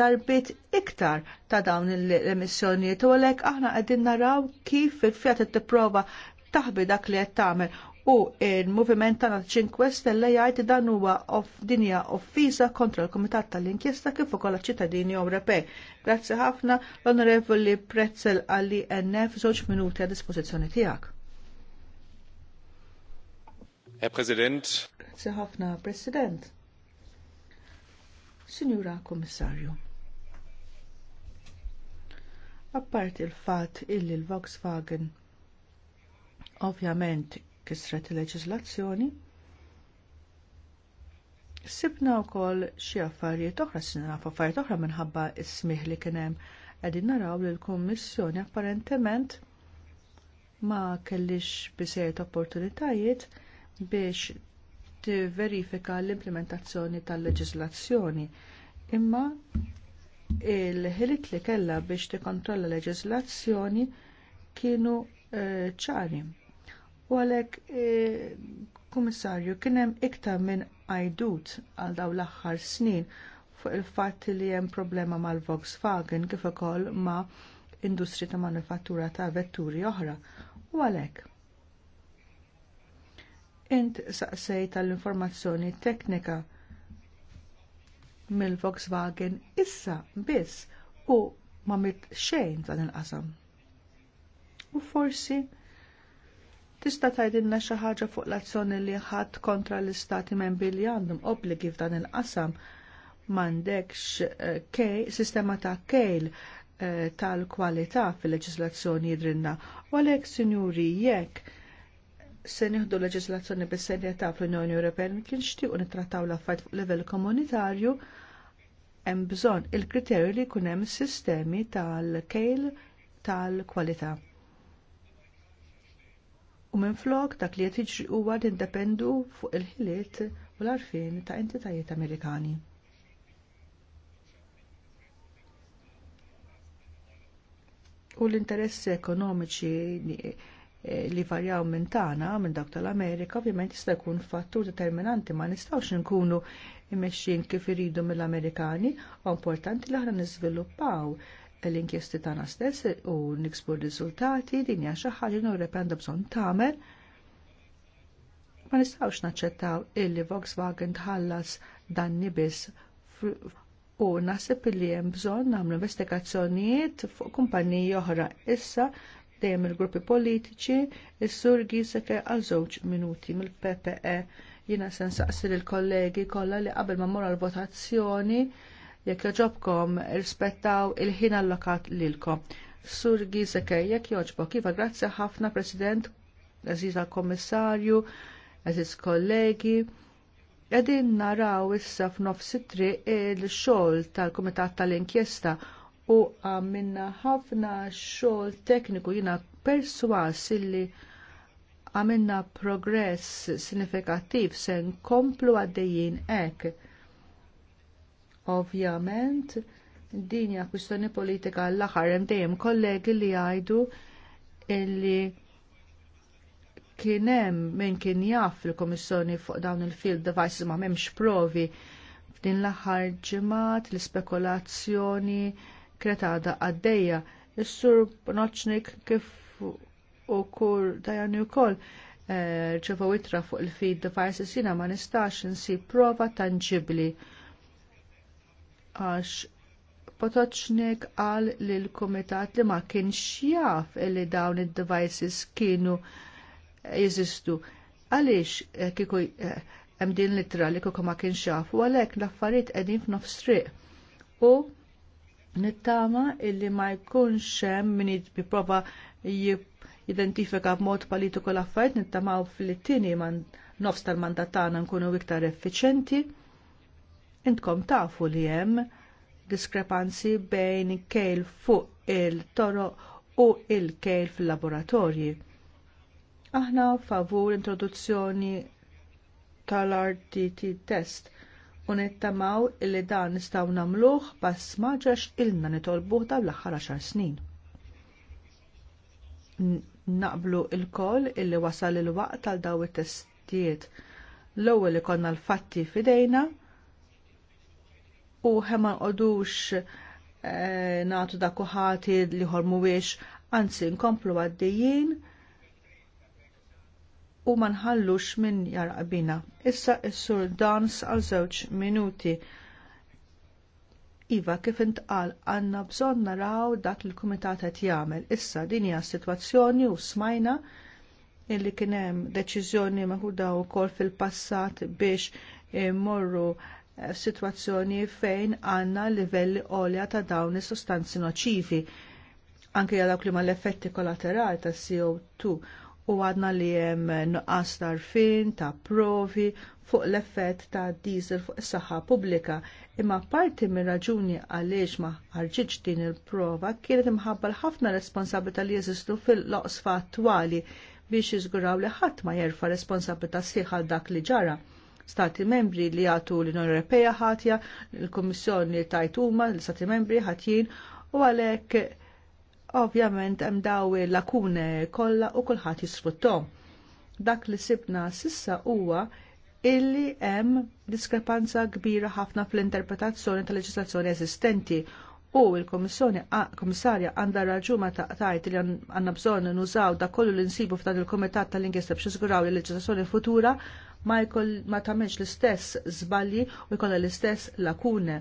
darbit iktar ta' dawn l-emissjonijiet u għalek aħna għedin naraw kif il-fjat t-prova taħbi dak li qed tagħmel u il-moviment ta' Cinque Stelle jgħid dan huwa of dinja offiża kontra l-Kumitat tal-Inkjesta kif ukoll ċittadini Ewropej. Grazzi ħafna l-Onorevoli Prezzel għalli NF żewġ minuti għad dispożizzjoni tiegħek. Herr President. Grazzi ħafna, President. Signora Kommissarju. Apparti il-fat illi l-Volkswagen ovvjament kisret il-leġislazzjoni. Sibna wkoll xi affarijiet oħra sinna affarijiet oħra minħabba is-smih li kien hemm qegħdin naraw li l-Kummissjoni apparentement ma kellix bisejt opportunitajiet biex tivverifika l-implementazzjoni tal-leġiżlazzjoni imma il-ħilit li kellha biex tikkontrolla leġiżlazzjoni kienu eh, ċari. Uh, U għalhekk e, kummissarju kien hemm iktar minn għajdut għal dawn l-aħħar snin fuq il-fatt li hemm problema mal-Volkswagen kif ukoll ma' industri ta' manifattura ta' vetturi oħra. U għalhekk. Int saqsej tal-informazzjoni teknika mill-Volkswagen issa biss u ma mit xejn dan il-qasam. U forsi Tista' tgħidilna xi ħaġa fuq l-azzjoni li ħadd kontra l-istati membri li għandhom obbligi f'dan il-qasam m'għandekx eh, sistema ta' kejl eh, tal-kwalità fil-leġislazzjoni jidrinna. U għalhekk, sinjuri, jekk se nieħdu leġislazzjoni bis-serjetà fl-Unjoni Ewropea kien xtiequ nittrattaw l-affarijiet fuq livell komunitarju, hemm bżonn il-kriterju li jkun hemm sistemi tal-kejl tal-kwalità. U minflok dak li qed u huwa independu fuq il-ħiliet u l-arfin ta' entitajiet Amerikani. U l-interessi ekonomiċi li eh, varjaw minn tagħna minn dak tal-Amerika ovvjament jista' jkun fattur determinanti ma nistgħux inkunu imexxin kif iridu mill-Amerikani u importanti li aħna niżviluppaw l-inkjesti tagħna stess u niksbu r din hija xi ħaġa rependa bżonn tagħmel. Ma nistgħux naċċettaw illi Volkswagen tħallas danni biss u nasib li hemm bżonn nagħmlu investigazzjonijiet fuq kumpaniji oħra issa dejjem il-gruppi politiċi, is-sur Giseke għal żewġ minuti mill-PPE. Jiena se il kollegi kollha li qabel ma mmur l votazzjoni Jekk joġobkom rispettaw il-ħin allokat lilkom. Sur Gizeke, jekk joġbok, iva grazzi ħafna President, Aziza kummissarju Aziz kollegi. Edin naraw issa f'nofs triq il-xogħol tal-Kumitat tal-Inkjesta u għamminna ħafna xogħol tekniku jina perswas li għamilna progress sinifikattiv se nkomplu għaddejjin hekk Ovvjament, dinja kwistjoni politika l-aħħar hemm dejjem kollegi li jgħidu illi kien hemm min kien jaf il-Komissjoni fuq dawn il-field devices ma m'hemmx provi f'din l-aħħar ġimgħat l-ispekulazzjoni kretada għaddejja. Is-sur Bonoċnik kif u kur wkoll u eh, ċefa witra fuq il-feed devices jina ma nistax nsib prova tanġibli għax Potoċnik qal li l kumitat li ma kienx jaf li dawn id-devices kienu jeżistu. Għaliex eh, kieku eh, hemm din litra li kieku ma kienx jaf u għalhekk l-affarijiet qegħdin f'nofs triq u nittama illi ma jkunx hemm min jipprova jidentifika b'mod politiku l-affarijiet nittamaw fil man nofs tal-mandat tagħna nkunu iktar effiċenti Intkom tafu li hemm diskrepanzi bejn kejl fuq il-toro u il-kejl fil-laboratorji. Aħna favur introduzzjoni tal-RTT test u nittamaw li dan nistgħu nagħmluh pass maġax ilna nitolbuh tal l-aħħar għaxar snin. Naqblu il-koll illi wasal il-waqt tal daw it-testijiet. L-ewwel konna l-fatti fidejna u ħema nqodux eh, natu da kuħati li ħormu wiex, anzi nkomplu għaddijin u ma nħallux minn jarqabina. Issa is sur dans għal żewġ minuti. Iva, kif intqal, għandna bżonn naraw dak il kumitat qed jagħmel. Issa din hija sitwazzjoni u smajna illi kien hemm deċiżjoni maħuda wkoll fil-passat biex morru f'sitwazzjoni eh, fejn għandna livelli għolja ta' dawn is-sostanzi noċivi anke għal dawk li l effetti kollaterali ta' CO2 u għadna li hemm nuqqas rfin, ta' provi fuq l-effett ta' diesel fuq is-saħħa pubblika imma parti minn raġuni għaliex ma ħarġitx din il-prova kienet imħabba ħafna responsabilità li jeżistu fil-loqsfa attwali biex jiżguraw li ħadd ma jerfa' responsabilità sħiħa dak li ġara stati membri li għatu l-Unjoni Ewropea ħatja, l-Kummissjoni tajtuma, l-Stati membri ħatjin u għalhekk ovvjament hemm daw lakune kollha u kulħadd jisfruttom. Dak li sibna sissa huwa illi hemm diskrepanza kbira ħafna fl-interpretazzjoni tal-leġislazzjoni eżistenti u il-Komissjoni Komissarja għandha raġu ma taqtajt li għandna bżonn nużaw da kollu l-insibu f'dan il-Komitat tal-Inkjesta biex żguraw il-leġislazzjoni futura ma jkoll ma tagħmilx l-istess żbalji u jkollha l-istess lakune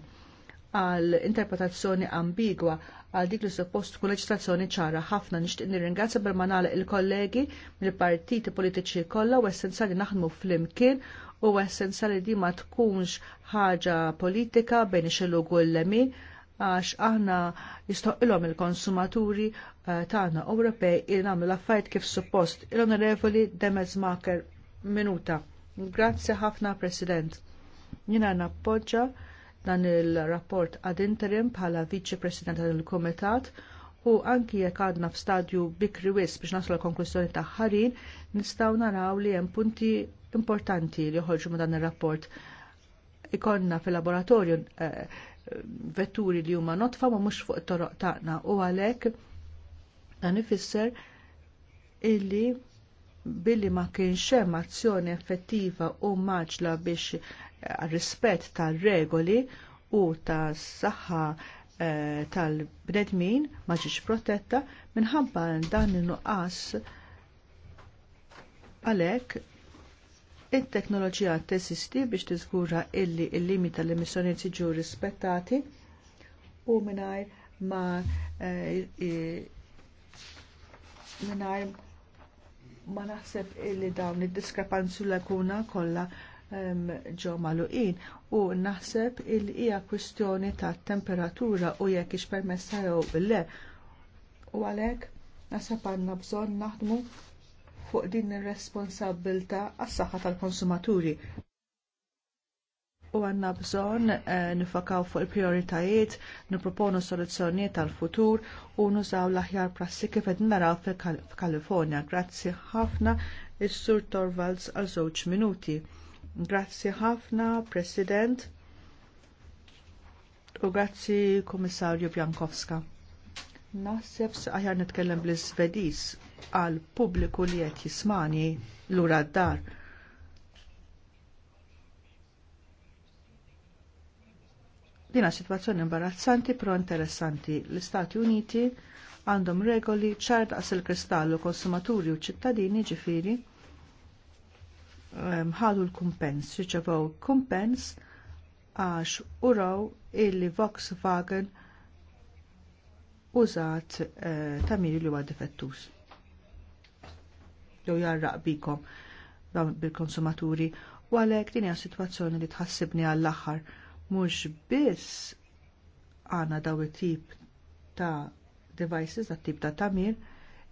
għal interpretazzjoni ambigwa għal dik li suppost tkun leġislazzjoni ċara ħafna nixtieq nirringrazzja bil nagħlaq il-kollegi mill-partiti politiċi kollha u essenzjali naħdmu flimkien u essenzjali di ma tkunx ħaġa politika bejn ix-xelug u l għax aħna jistoqilhom il-konsumaturi eh, tagħna Ewropej il nagħmlu l-affarijiet kif suppost. Il-Onorevoli Demez Maker minuta. Grazzi ħafna, President. Jina nappoġġa dan il-rapport ad interim bħala Viċi President tal-Kumitat u anki jekk għadna f'stadju bikri wis biex naslu l-konklusjoni ta' ħarin, nistgħu naraw li hemm punti importanti li joħorġu ma' dan ir-rapport. Ikonna fil-laboratorju eh, vetturi li huma notfa ma mhux fuq it-toroq tagħna u għalhekk dan ifisser illi billi ma kienx hemm azzjoni effettiva u maġla biex eh, rispett tar-regoli u tas-saħħa eh, tal-bnedmin ma ġiex protetta minħabba dan in-nuqqas għalhekk it-teknoloġija teżisti biex tiżgura illi il-limit tal-emissjonijiet jiġu rispettati u mingħajr ma eh, ma naħseb illi dawn id-diskrepanzi l jkunu kollha ġo maluqin u naħseb il hija kwistjoni ta' temperatura u jekk ix permessa jew le. U għalhekk naħseb għandna bżonn naħdmu fuq din ir-responsabbilta għas-saħħa tal-konsumaturi u għanna bżon eh, nifakaw fuq il-prioritajiet, niproponu soluzzjonijiet tal-futur u nużaw l-aħjar prassi kif qed naraw f'Kalifornja. Grazzi ħafna is-Sur Torvalds għal żewġ minuti. Grazzi ħafna, President, u grazzi Kummissarju Bjankowska. Naħseb aħjar nitkellem bl-Svediż għal pubbliku li qed jismani lura d-dar Dina situazzjoni imbarazzanti pro interessanti. L-Istati Uniti għandhom regoli ċar daqs il-kristallu konsumaturi u ċittadini ġifiri ehm, ħadu l-kumpens, riċevew kumpens għax uraw illi Volkswagen użat eh, tamiri li huwa defettus. Jew jarraq bikom bil-konsumaturi u għalhekk din hija sitwazzjoni li tħassibni għall-aħħar mhux biss għandna daw it-tip ta' devices, ta' tip ta' tamir,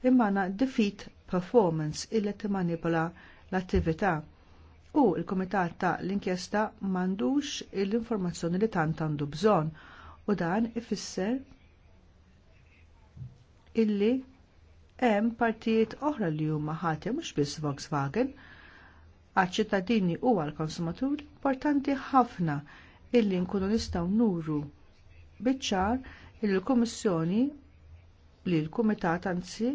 imma defeat performance illi timmanipula l-attività. U l kumitat ta' l-inkjesta m'għandux l-informazzjoni li tant għandu bżonn u dan ifisser illi hemm partijiet oħra li huma ħati mhux biss Volkswagen, għaċ-ċittadini u għall konsumaturi importanti ħafna illi nkunu nistgħu nuru biċ-ċar li l-Kummissjoni li l-Kumitat anzi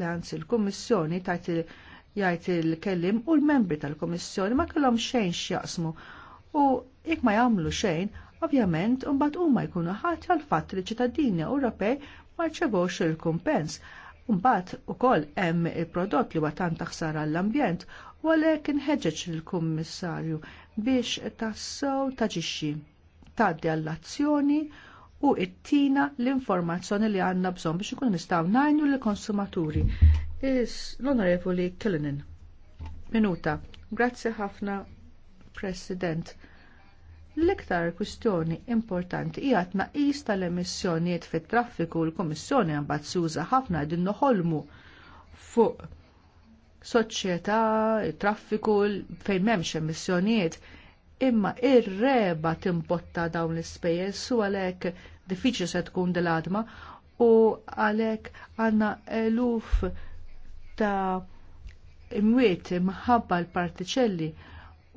li anzi l-Kummissjoni tajt jgħid il-kellim u l-membri tal-Kummissjoni ma kellhom xejn x'jaqsmu u jekk ma jagħmlu xejn, ovvjament mbagħad huma jkunu ħati għal fatt li ċittadini Ewropej ma rċevewx il-kumpens. Mbagħad ukoll hemm il-prodott li huwa tant taħsar għall ambjent u għalhekk inħeġġeġ lill kummissarju biex tassew taġixxi tgħaddi għall-azzjoni u ttina l-informazzjoni li għandna bżonn biex ikunu nistgħu ngħinu lill konsumaturi Is L-Onorevoli Killinin. Minuta. Grazzi ħafna, President. L-iktar kwistjoni importanti hija tnaqqis tal-emissjonijiet fit-traffiku l-Kummissjoni għambat suża ħafna din noħolmu fuq soċjetà, traffiku fejn m'hemmx emissjonijiet. Imma ir-reba timbotta dawn l-ispejjeż u għalhekk diffiċli se tkun dil-għadma u għalhekk għandna eluf ta' imwiet imħabba l-partiċelli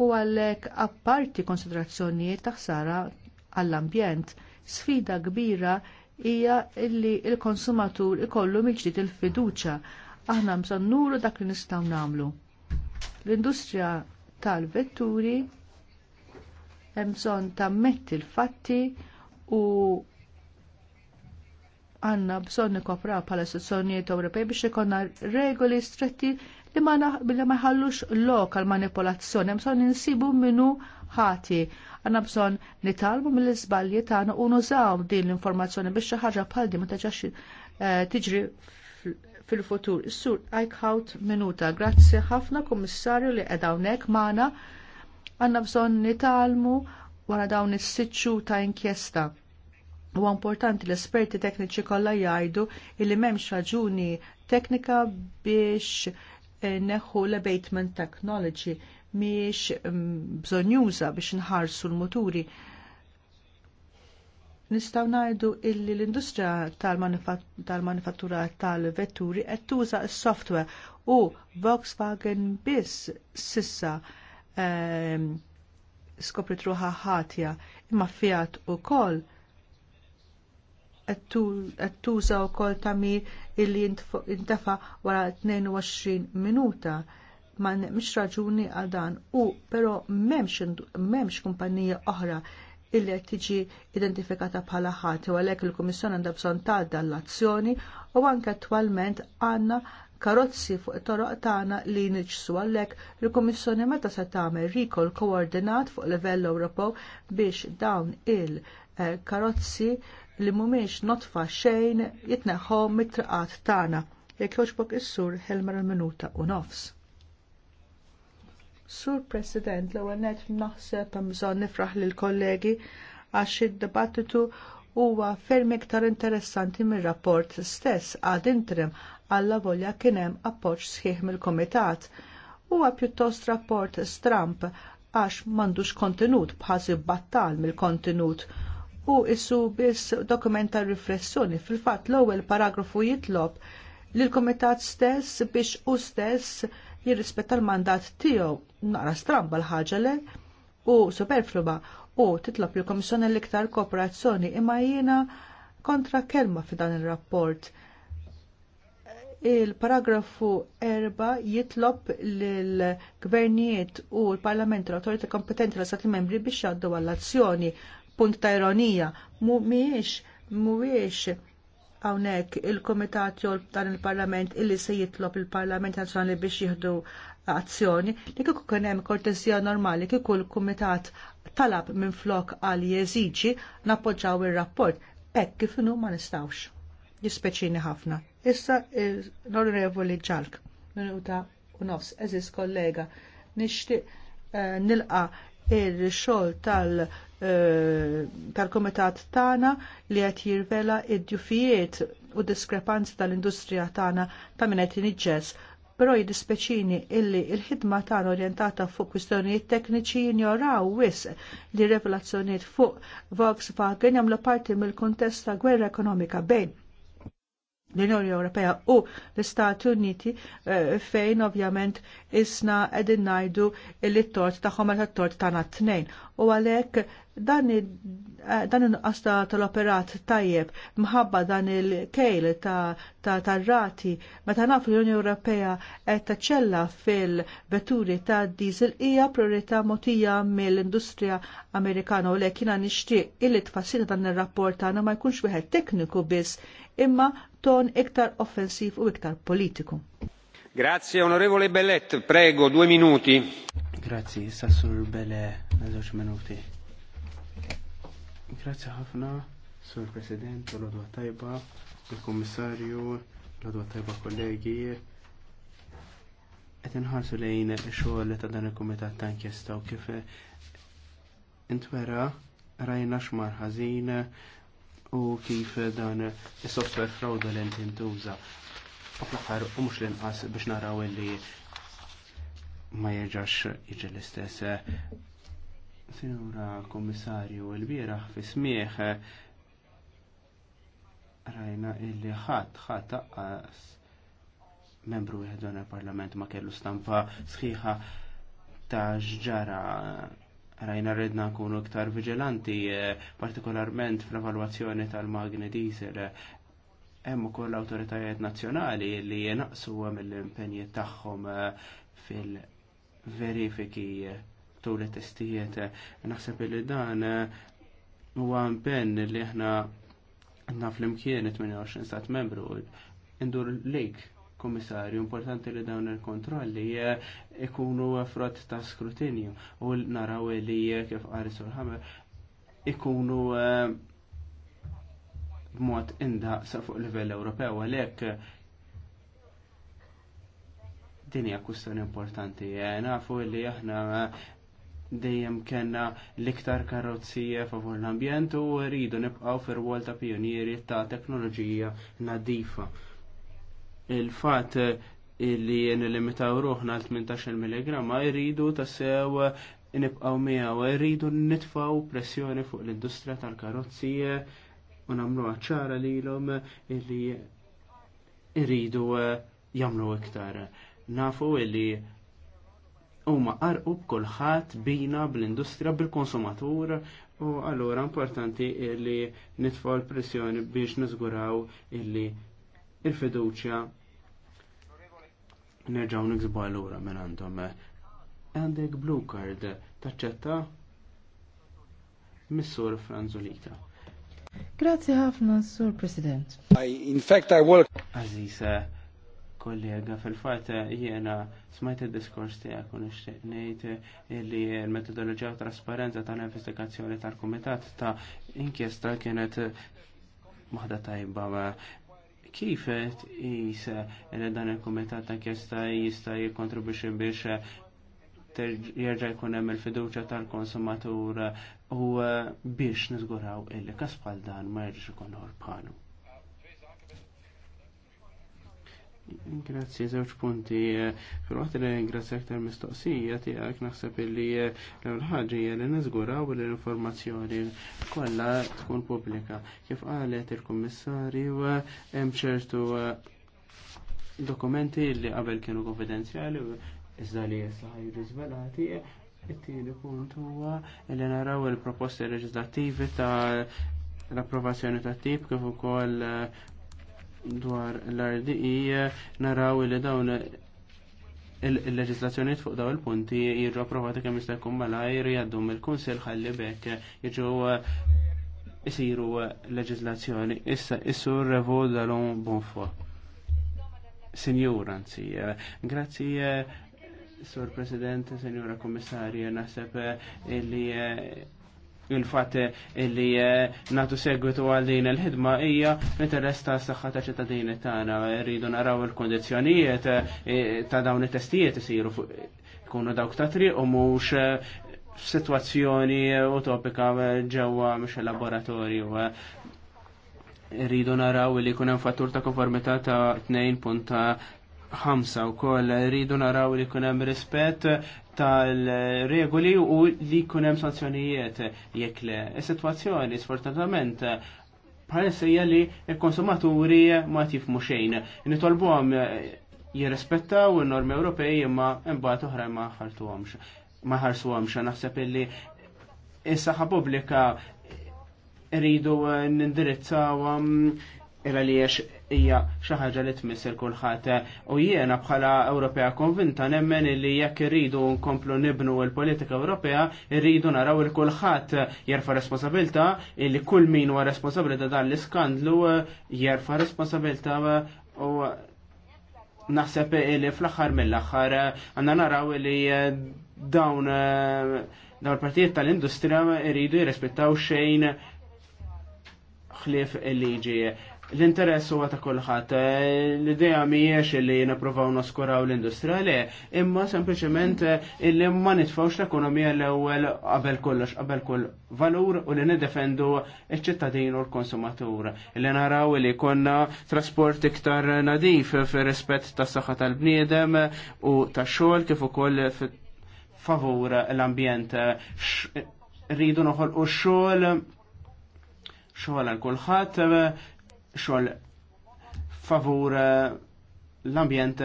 u għalhekk apparti konsiderazzjonijiet ta' ħsara għall-ambjent sfida kbira hija li l konsumatur ikollu mill-ġdid il-fiduċja aħna bżonn nuru dak li nistgħu nagħmlu. L-industrija tal-vetturi hemm bżonn tammetti l-fatti u għanna bżonn nikopra bħala sezzjonijiet Ewropej biex ikonna regoli stretti li ma billi ma ħallux lokal manipolazzjoni, hemm bżonn insibu minnu ħati. Għanna bżonn nitalbu mill-iżbalji tagħna u nużaw din l-informazzjoni biex xi ħaġa bħal din ma eh, tiġri fil-futur. Is-sur Eichhout minuta. Grazzi ħafna kummissarju li qed hawnhekk magħna għandna bżonn nitalmu wara dawn is-sitxu ta' inkjesta. Huwa importanti l-esperti tekniċi kollha jgħidu li m'hemmx raġuni teknika biex eh, neħu l-abatement technology miex mm, bżonjuża biex nħarsu l muturi Nistgħu ngħidu illi l-industrija tal-manifattura tal-vetturi qed tuża s-software u Volkswagen biss sissa ehm, skoprit ruħa ħatja imma Fiat ukoll qed tuża wkoll tagħmir illi jintefa' wara 22 minuta ma' mhix raġuni għal dan u però m'hemmx kumpanija oħra illi qed tiġi identifikata bħala ħati u għalhekk il-Kummissjoni għandha bżonn tgħadda l-azzjoni u anke attwalment għandna karozzi fuq it-toroq tagħna li niġsu għalhekk il-Kummissjoni meta se tagħmel rikol koordinat fuq livell Ewropew biex dawn il-karozzi eh, li mhumiex notfa xejn jitneħħom mit triqat tagħna. Jekk jogħġbok is-sur Helmer minuta u nofs. Sur President, l ewwel nett naħseb hemm nifraħ lill kollegi għax id-dibattitu huwa ferm iktar interessanti mir-rapport stess għad interim għalla volja kien hemm appoġġ sħiħ mill-Kumitat. Huwa pjuttost rapport stramp għax m'għandux kontenut bħasi battal mill-kontenut u issu biss dokumenta riflessjoni fil fatt l ewwel paragrafu jitlob li l kumitat stess biex u stess jirrispetta l-mandat tiegħu nara stramba l-ħaġa u superfluba u titlob il komissjoni l-iktar kooperazzjoni imma jiena kontra kelma f'dan ir-rapport. Il-paragrafu 4 jitlob lill-gvernijiet u l-parlament l-autorita kompetenti l stati membri biex jaddu għall-azzjoni. Punt ta' ironija, mu miex hawnhekk il-Kumitat jew dan il-Parlament illi se jitlob il-Parlament Nazzjonali biex jieħdu azzjoni li kieku kien hemm kortesija normali kieku l-Kumitat talab minn flok għal jeżiġi napoġġaw ir-rapport hekk kif inhu ma nistgħux. Jispeċini ħafna. Issa l-Onorevoli Ġalk, minuta u nofs, eżis kollega, nixtieq eh, nilqa il-xol tal- eh, tal-komitat tana li għet jirvela id-djufijiet u diskrepanzi tal-industrija tana ta' minnet ġess. Pero jidispeċini illi il-ħidma tana orientata fuq kwistjonijiet tekniċi ignoraw wis li revelazzjoniet fuq Volkswagen jamlu parti mill kuntest ta' gwerra ekonomika bejn l-Unjoni Ewropea u l-Istati Uniti eh, fejn ovvjament isna qegħdin ngħidu li t-tort tagħhom meta t-tort tagħna t-tnejn. U għalhekk dan il-nuqqas eh, tal-operat tajjeb mħabba dan il-kejl ta' rati meta naf l-Unjoni Ewropea qed taċċella fil-vetturi ta' diesel hija priorità motija mill-industrija Amerikana u lek jiena nixtieq illi tfassina dan ir-rapport tagħna ma jkunx wieħed tekniku biss imma ton iktar offensiv u iktar politiku. Grazie onorevole Bellet, prego due minuti. Grazie, Sassur Bellet Belle, minuti. Grazzi ħafna, Sur President, l-Odwa Tajba, il-Kommissarju, l-Odwa Tajba kollegi. Qed inħarsu lejn ix-xogħol ta' dan il-Kumitat ta' inkjesta u kif intwera rajna xmar ħażin u kif dan is-software fraudulent intuża. U fl-aħħar u mhux l-inqas biex naraw illi ma jerġax jiġi l-istess Sinura Kommissarju, il-bieraħ fi smieħ eh, rajna illi ħadd ħadd taqqas membru jħedon il-parlament ma kellu stampa sħiħa ta' xġara, rajna redna nkunu iktar vigilanti, eh, partikolarment fl-evalwazzjoni tal-magni diesel. Hemm ukoll awtoritajiet nazzjonali li jenaqsu mill-impenji tagħhom eh, fil-verifiki tul it-testijiet. Naħseb li dan huwa ben li aħna naf l-imkien 28 stat membru indur lejk komissarju, importanti li dawn il-kontrolli ikunu frott ta' skrutinju u naraw li kif l-ħamer ikunu eh, b'mod sa fuq livell Ewropew għalhekk din hija kwistjoni importanti. Nafu li aħna dejjem kena l-iktar karozzi favur l-ambjent u rridu nibqaw fir ta' pionieri ta' teknoloġija nadifa. Il-fat li nil-limitaw ruħna l-18 mg jridu tassew nibqaw miegħu rridu nitfaw pressjoni fuq l-industrija tal-karozzi u nagħmlu ċara lilhom illi rridu jagħmlu iktar. Nafu illi huma qarqu b'kulħadd bina bl-industrija bil-konsumatur u allura importanti li nitfgħu l-pressjoni biex niżguraw illi il-fiduċja nerġgħu niksbu allura minn għandhom. Għandek blue card taċċetta Missur Franzolita. Grazzi ħafna, Sur President. I, in fact, I work. Aziza, kollega fil-fat jiena smajt il-diskors tijak u nishtiqnejt nejt li l-metodologija u trasparenza tal-investigazzjoni tal-komitat ta' inkjesta kienet maħda tajba kif jis il dan il-komitat ta' inkjesta jista' jikontribuxi biex jerġa' jkun hemm il-fiduċja tal-konsumatur u biex nizguraw illi kas dan ma jerġax ikun bħalu. Grazzi, zewċ punti. Fil-waqt li grazzi aktar mistoqsija tijak naħseb eh, li l-ħagġija li nizgura u l-informazzjoni kolla tkun publika. Kif għalet il kommissari hemm ċertu eh, dokumenti li qabel kienu konfidenzjali iżda li jessa ħajġu zvelati il tieni punt huwa li naraw il-proposti leġislattivi ta' l-approvazzjoni ta' tip kif ukoll eh, dwar l-RDI eh, naraw li dawn il-leġislazzjoni fuq daw il-punti jirġu approvati kemm jista' jkun malajr jgħaddhom il-Kunsill ħalli bekk jiġu eh, isiru eh, leġislazzjoni. Issa issur revodalon bonfo. Sinjur, anzi, grazzi Sur President, Signora Kommissarja, naħseb li il-fatt li eh, natu segwitu għal din il-ħidma hija interess s-saħħa ta' ċittadini tagħna. Rridu naraw il-kondizzjonijiet eh, ta' dawn it-testijiet isiru kunu dawk ta' triq u mhux eh, f'sitwazzjoni utopika ġewwa mhux laboratorju rridu naraw li kun hemm fattur ta' konformità ta' 2.5 u koll rridu naraw li kun hemm rispett tal-regoli u li kunem sanzjonijiet jekk le. Is-sitwazzjoni sfortunatament bħalissa hija li l-konsumaturi ma tifmu xejn. Nitolbuhom jirrespettaw in-normi Ewropej imma imbagħad oħra ma ħartuhomx. Ma ħarsuhomx naħseb illi is-saħħa pubblika rridu nindirizzaw ira li hija xi ħaġa li tmisser kulħadd u jiena bħala Ewropea konvinta nemmen li jekk irridu nkomplu nibnu l-politika Ewropea irridu naraw il kulħadd jerfa' responsabilità illi kull min huwa responsabbli ta' dan l-iskandlu eh, jerfa' responsabilità eh, u naħseb li fl-aħħar mill-aħħar eh, għandna naraw li dawn dawn partijiet tal-industrija iridu jirrispettaw xejn ħlief il-liġi l-interess huwa ta' kulħadd. Eh, l-idea mhijiex li nippruvaw naskuraw l-industrija le, imma sempliċement eh, illi ma nitfawx l-ekonomija l-ewwel qabel kollox, qabel kull valur u li nidefendu ċ-ċittadin u l-konsumatur. Illi naraw li konna trasport iktar nadif fir-rispett tas-saħħa tal-bniedem u tax-xogħol kif ukoll favur l-ambjent. Rridu noħolqu x-xogħol xogħol għal kulħadd xogħol favur eh, l-ambjent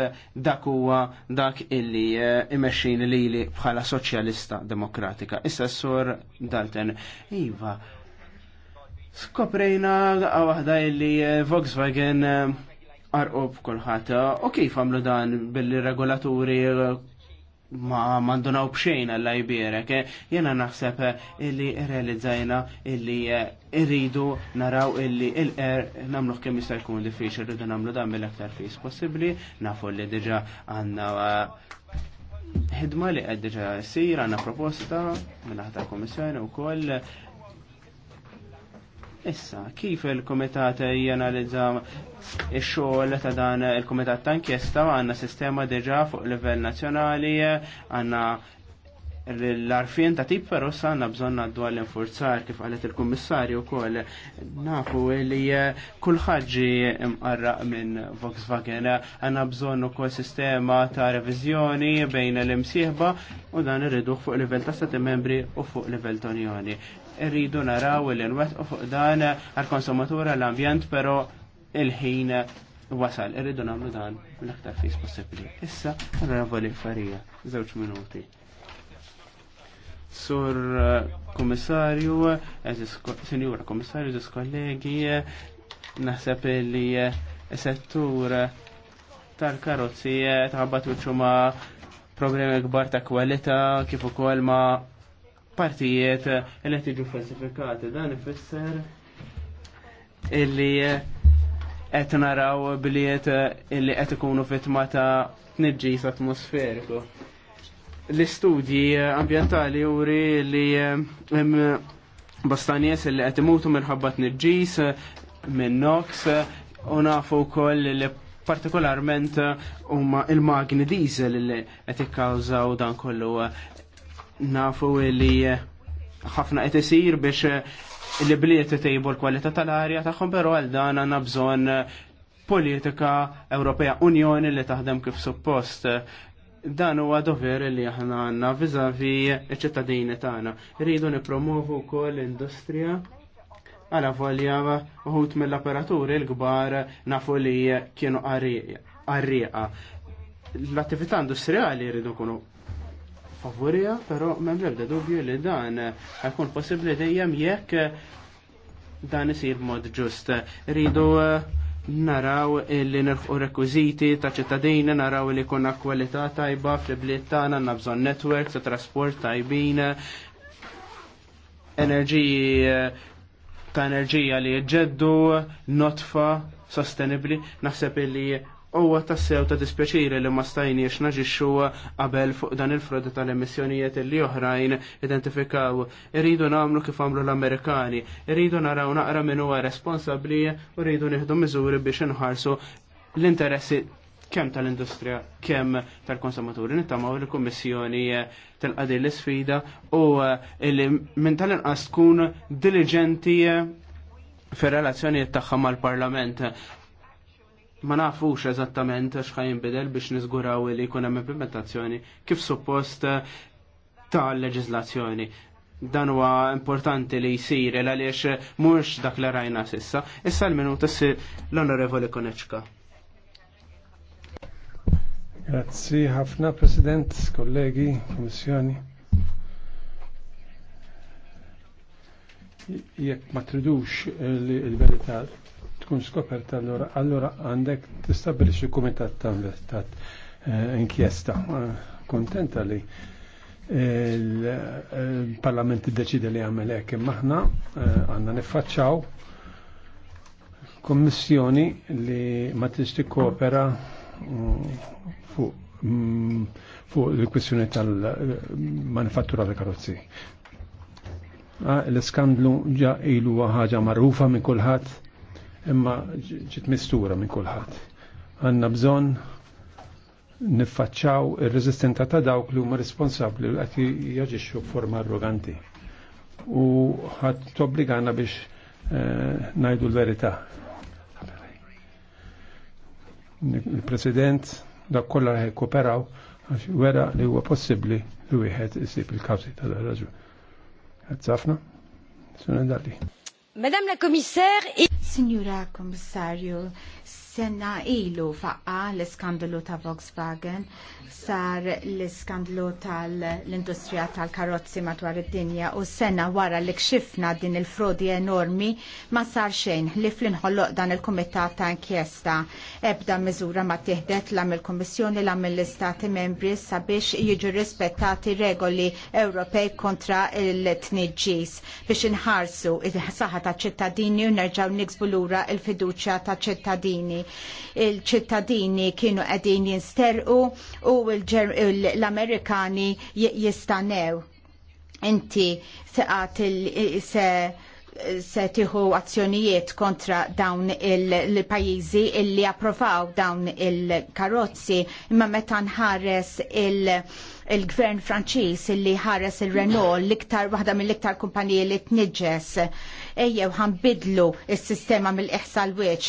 dak huwa dak illi eh, imexxin lili bħala soċjalista demokratika. Issa s-sur Dalton. Iva, skoprejna waħda illi eh, Volkswagen arqob kulħadd. U kif għamlu dan billi regolaturi ma mandunawk bxejn għalla jibirek, eh? jena naħseb eh, illi realizzajna illi eh, irridu naraw illi il-er namluħ kemm jista' jkun diffiċli rridu namlu dan mill-aktar fis possibbli, nafu li diġa għandna ħidma li qed diġa sir għandna proposta minn aħta kommissjoni wkoll Issa, kif il-komitat jenalizza il-xogħol ta' dan il-komitat ta' inkjesta għanna sistema deġa fuq livell nazzjonali, għanna l-arfien ta' tip però sa' għanna bżonna għaddu għall-infurzar kif għalet il-kommissarju kol nafu li kullħagġi imqarra minn Volkswagen għanna bżonnu kol sistema ta' revizjoni bejn l-imsieħba u dan irridu fuq livell ta' stati membri u fuq livell ta' unjoni rridu naraw il nwettqu fuq dan għal-konsumatura l-ambjent, pero il-ħin wasal, irridu nagħmlu dan l aktar fis possibbli. Issa, voli farija, zewċ minuti. Sur eh, komissarju, senjura komissarju, zis kollegi, naħseb li eh, settur tal-karozzi eh, taħbatu ċuma problemi kbar ta' kwalità kif ukoll ma' partijiet li tiġu falsifikati. Dan ifisser illi qed naraw bliet illi qed ikunu fitma ta' tniġġis atmosferiku. L-istudji ambjentali juri li hemm bastanies li qed imutu minħabba tniġġis minn NOx u nafu wkoll li partikolarment huma il-magni diesel li qed ikkawżaw dan kollu nafu li eh, ħafna qed isir biex eh, li bliet tejbu l-kwalità tal-arja tagħhom però għal dan għandna bżonn eh, politika Ewropea Unjoni li taħdem kif suppost. Dan huwa dover li aħna għandna viżavi ċ-ċittadini tagħna. Rridu nippromovu wkoll industrija għala volja uħut mill operaturi l-kbar nafu li kienu għarriqa. L-attività industrijali rridu kunu favorija, pero men l-ebda dubju li dan ħakun possibbli dejjem jekk dan isir b'mod ġust. Ridu eh, naraw li nerħu rekwiziti ta' ċittadini, naraw li kuna kwalità tajba fl-bliet tagħna għandna bżonn networks ta' trasport tajbin, enerġiji eh, ta' enerġija li jġeddu, notfa, sostenibli, naħseb li huwa tassew ta' dispjaċiri li ma stajniex naġixxu qabel fuq dan il-frodi tal-emissjonijiet li oħrajn identifikaw. Irridu nagħmlu kif għamlu l-Amerikani, irridu naraw naqra min huwa responsabbli u rridu nieħdu miżuri biex inħarsu l-interessi kemm tal-industrija, kemm tal-konsumaturi. Nittamaw li kummissjoni tal-qadi l-sfida u li minn tal-inqas tkun diligenti fir relazzjonijiet tagħha mal-Parlament ma nafux eżattament x'ħajn bidel biex niżguraw li jkun hemm implementazzjoni kif suppost eh, ta' leġiżlazzjoni dan huwa importanti li jsir għaliex mhux dak li rajna sissa. Issa l issi l-Onorevoli Koneċka. Grazzi ħafna President, kollegi, Kommissjoni. Jekk ma tridux il-verità tkun skoperta allora allora għandek tistabilixi kumitat ta' investat eh, inkjesta. Kontenta li eh, eh, il-parlament id li għamel hekk imma aħna għandna niffaċċaw kommissjoni li ma tisti kopera mm, fuq mm, fuq il-kwissjoni tal-manifattura tal karozzi. Ah, L-skandlu ġa ilu ħaġa marrufa minn kulħadd imma ġiet mistura minn kulħadd. Għandna bżonn niffaċċaw ir-reżistenta ta' dawk li huma responsabbli li qed jaġixxu b'forma arroganti. U ħadd tobbligana biex eh, ngħidu l-verità. Il-President dak kollha ħekkuperaw għax wera li huwa possibbli li wieħed isib il-kawżi ta' raġun Għazzafna? Sunan dalli. Madame la Commissaire... Signora Commissario, sena ilu faqqa l-iskandalu ta' Volkswagen sar l-iskandalu tal-industrija tal-karozzi madwar id-dinja u sena wara li kxifna din il-frodi enormi ma sar xejn li fl dan il-komitat ta' inkjesta ebda miżura ma tieħdet la mill-Kommissjoni la mill-Istati membri sabiex jiġu rispettati regoli Ewropej kontra il-tniġġis biex inħarsu il-saħħa ta' ċittadini u nerġaw niksbu lura il-fiduċja ta' ċittadini il-ċittadini kienu qegħdin jinsterqu u l-Amerikani jistanew. Inti seqat il-se se tiħu azzjonijiet kontra dawn il-pajizi illi approvaw dawn il-karozzi imma meta nħares il-, il il-gvern Franċiż illi ħares il-Renault l-iktar waħda mill-iktar kumpaniji li tniġġes ejjew bidlu s-sistema mill-iħsal wieċ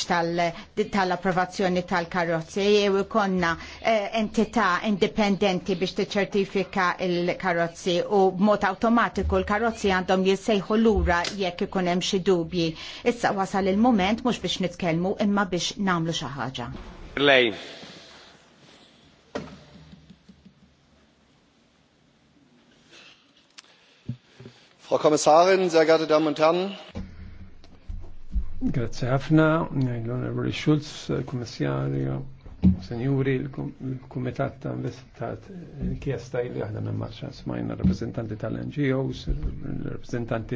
tal-approvazzjoni tal-karozzi ejjew ikonna eh, entità indipendenti biex tiċċertifika il-karozzi u b'mod awtomatiku l-karozzi għandhom jissejħu lura jekk ikun hemm xi dubji. Issa wasal il-moment mhux biex nitkellmu imma biex nagħmlu xi ħaġa. Lej. Frau Kommissarin, sehr geehrte Damen und Herren. Grazie ħafna, l-Onorevoli Schulz, Kommissarju, Senjuri, l-Kumitat ta' Investitat, kiesta li aħna minn marxa smajna rappresentanti tal-NGOs, rappresentanti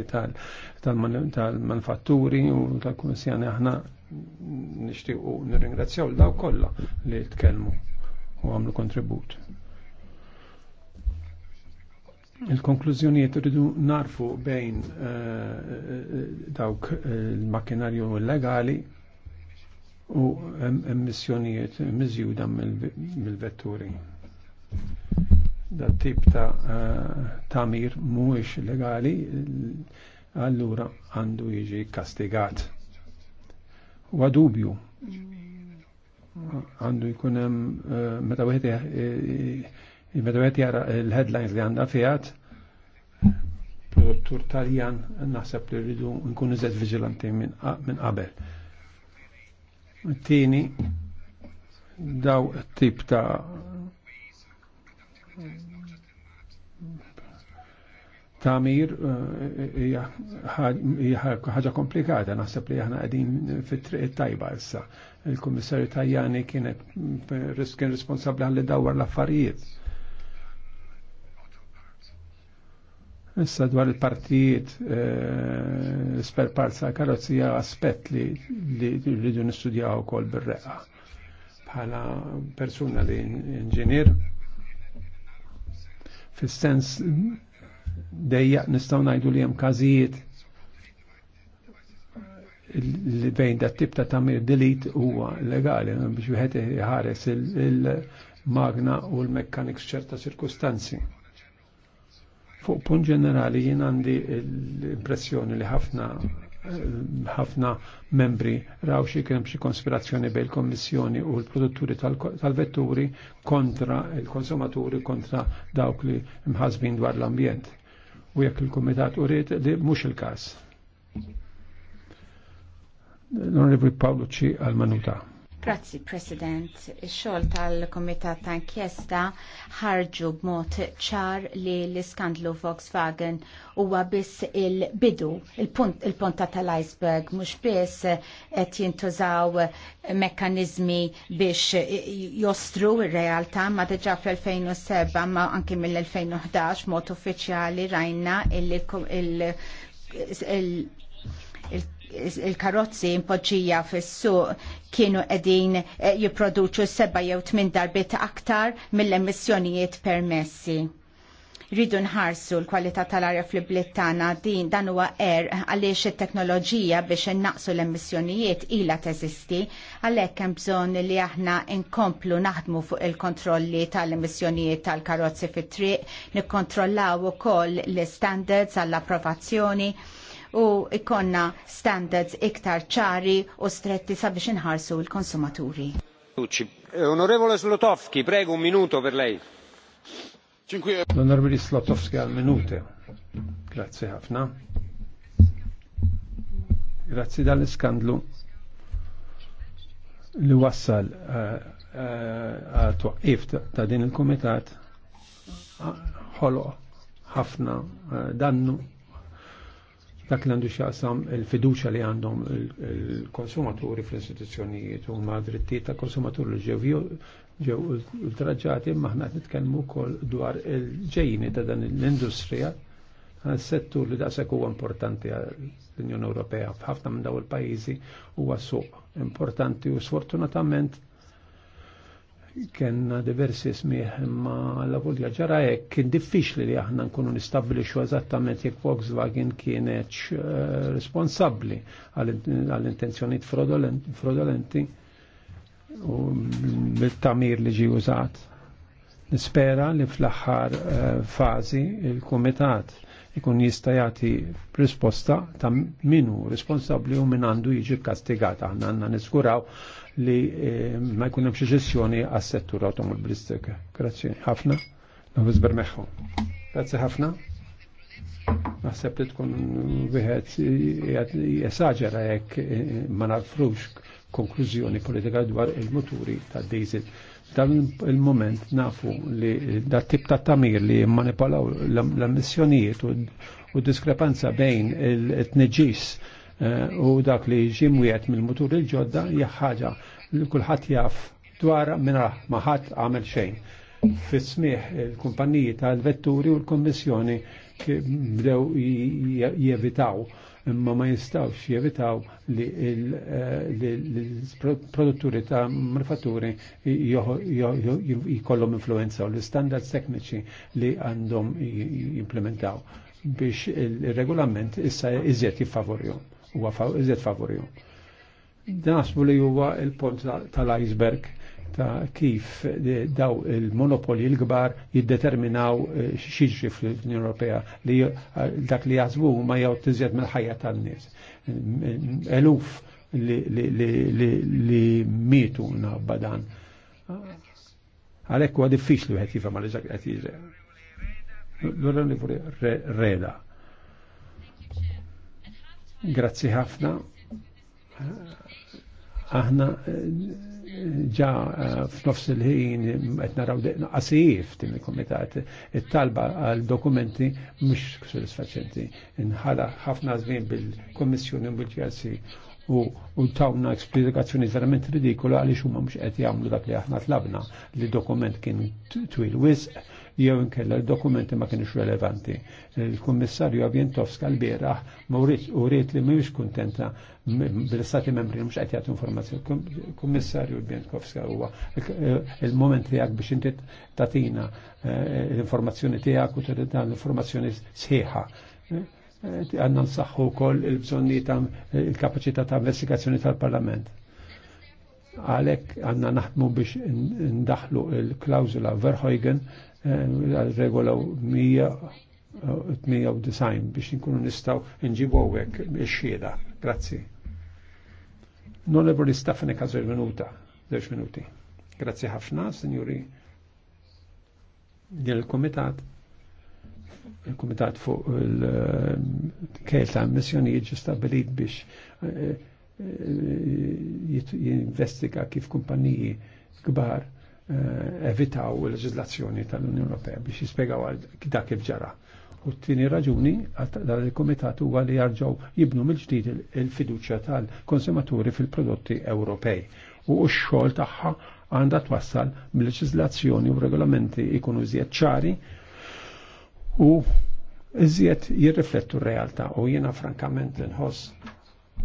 tal-manufatturi u tal-Kommissjani aħna nishtiqu nirringrazzjaw l-daw kolla li tkellmu u għamlu kontribut. Il-konklużjonijiet rridu narfu bejn eh, eh, dawk eh, il-makkinarju legali u emissjonijiet miżjuda mill-vetturi. Dat tip ta' tamir mhuwiex legali, allura għandu jiġi kastigat. Wa dubju għandu jkun hemm meta wieħed Meta jara l-headlines li għandna fiat produttur taljan naħseb li rridu nkunu zed vigilanti minn qabel. Tini, daw tip ta' tamir eh, ħaġa komplikata, naħseb li aħna qegħdin fit-triq tajba issa. Il-Kummissarju Tajjani eh, kien responsabbli għalli dawwar l-affarijiet Issa dwar il-partijiet eh, sper parza karozzija aspett li rridu nistudjaw ukoll bir-reqqa. Bħala persuna li inġinier fis-sens dejja nistgħu ngħidu li hemm każijiet li bejn da tip ta' tagħmir delete huwa legali biex wieħed iħares il-magna u l mekkaniks ċerta ċirkustanzi Fuq punt ġenerali jien għandi l-impressjoni li ħafna ħafna membri raw xi kien xi konspirazzjoni bejn il-Kommissjoni u l-produtturi tal-vetturi kontra il-konsumaturi kontra dawk li mħasbin dwar l-ambjent. U jekk il-Kumitat uriet li mhux il-każ. L-Onorevoli Paolo C. Al-Manuta. Grazzi, President. Ix-xogħol tal-Komitat ta' inkjesta ħarġu b'mod ċar li l-iskandlu Volkswagen huwa biss il-bidu, il ponta il-punta tal-iceberg, mhux biss qed jintużaw mekkaniżmi biex jostru r-realtà ma diġà fl-2007 ma anke mill-2011 mod uffiċjali rajna il-, il, il, il il-karozzi impoġġija fis-suq kienu qegħdin eh, jipproduċu seba' jew tmien darbit aktar mill-emissjonijiet permessi. Ridu nħarsu l-kwalità tal-arja fl-bliet tagħna din dan huwa er għaliex it-teknoloġija biex innaqsu l-emissjonijiet ilha teżisti, għalhekk hemm bżonn li aħna nkomplu naħdmu fuq il-kontrolli tal-emissjonijiet tal-karozzi fit-triq, nikkontrollaw ukoll l-standards għall-approvazzjoni u ikonna standards iktar ċari u stretti sabiex inħarsu l-konsumaturi. Eh, onorevole Slotowski, prego un minuto per lei. onorevole Slotowski al minute. Grazie ħafna. Grazie dall-iskandlu li wassal eh, eh, għal-twaqqif ta' din il-komitat ah, ħolo ħafna dannu dak li għandu xaqsam il-fiduċa li għandhom il-konsumaturi fl-istituzzjonijiet u ma' drittijiet ta' konsumaturi li ġew ultraġġati imma ħna nitkellmu wkoll dwar il-ġejjini ta' dan l-industrija settur li daqshekk huwa importanti għal unjoni Ewropea f'ħafna minn dawn il-pajjiżi huwa suq importanti u sfortunatament kena diversi smieħ ma l-avulja ġara hekk kien diffiċli li aħna nkunu xo eżattament jekk Volkswagen kienet eh, responsabbli għall-intenzjonijiet frodolenti u mil tamir li ġi użat. Nispera li fl-aħħar eh, fażi il-kumitat ikun jista' jagħti risposta ta' minu responsabbli u min għandu jiġi kastigat aħna li eh, ma jkunem hemm xi għas-settur automobilistika. Grazzi ħafna. Novis Bermeħħu. Grazzi ħafna. Naħseb li tkun wieħed jesaġera jekk eh, ma nafrux konklużjoni politika dwar il-muturi ta' diesel. Dan il-moment nafu li da tip ta' tamir li manipolaw l-ammissjonijiet u diskrepanza bejn il-tneġis Eh, u dak li ġimwiet mill-mutur il-ġodda jaħħaġa li kulħadd jaf dwar minna maħat għamel xejn. fis il kumpanijiet tal-vetturi u l-kommissjoni bdew jevitaw imma ma jistawx jevitaw li eh, l-produtturi ta' manifatturi jikollhom influenza u l-standards tekniċi li għandhom jimplementaw biex il-regolament issa iżjed jiffavorjom huwa iżjed favoriju. Nasbu li huwa il-pont tal-iceberg ta' kif daw il-monopoli l-gbar jiddeterminaw eh, xieġri fl-Unjoni Ewropea li eh, dak li jazbu ma jgħu tiżjed mill-ħajja tan-nies. Eh, eluf li mitu nabba dan. Għalhekk huwa diffiċli wieħed jifhem għal eżatt qed L-għura li reda. Grazzi ħafna. Aħna eh, ġa eh, f'nofs il-ħin qed naraw qasif din il-kumitat it-talba għal dokumenti mhux sodisfaċenti. Inħala ħafna żmien bil-Kommissjoni u bil-GRC u tawna esplikazzjoni verament ridikola għaliex huma mhux qed jagħmlu dak li aħna tlabna li dokument kien twil wisq jew inkella dokumenti ma kienx relevanti. Il-Kummissarju Avjentovska l-bieraħ u rrit li mhuwiex kuntenta bil-Stati membri mhux qed jagħtu informazzjoni. Il-Kummissarju Avjentovska huwa il-moment tiegħek biex inti tatina eh, l-informazzjoni tiegħek u dan l-informazzjoni sħiħa eh, għanna nsaxħu kol il-bżonni ta' il-kapacità ta' investigazzjoni tal-parlament. Għalek għanna naħdmu biex ndaħlu il-klausula Verhoegen għal-regola 100 biex nkunu nistaw nġibu għawek il-xieda. Grazzi. Non lebru nistaffni kazu il-minuta, 10 minuti. Grazzi ħafna, signori, din il-komitat il komitat fuq il-kejl ta' missjonijiet ġi stabilit biex eh, eh, eh, jinvestiga kif kumpaniji kbar Eh, evitaw il-leġizlazzjoni tal-Unjoni Ewropea biex jispjegaw dak kif ġara. U t-tieni raġuni dal il-Komitat huwa li jarġgħu jibnu mill-ġdid il-fiduċja tal-konsumaturi fil-prodotti Ewropej. U x-xogħol tagħha għandha twassal mill-leġizlazzjoni u regolamenti jkunu iżjed ċari u iżjed jirriflettu r-realtà u jiena frankament l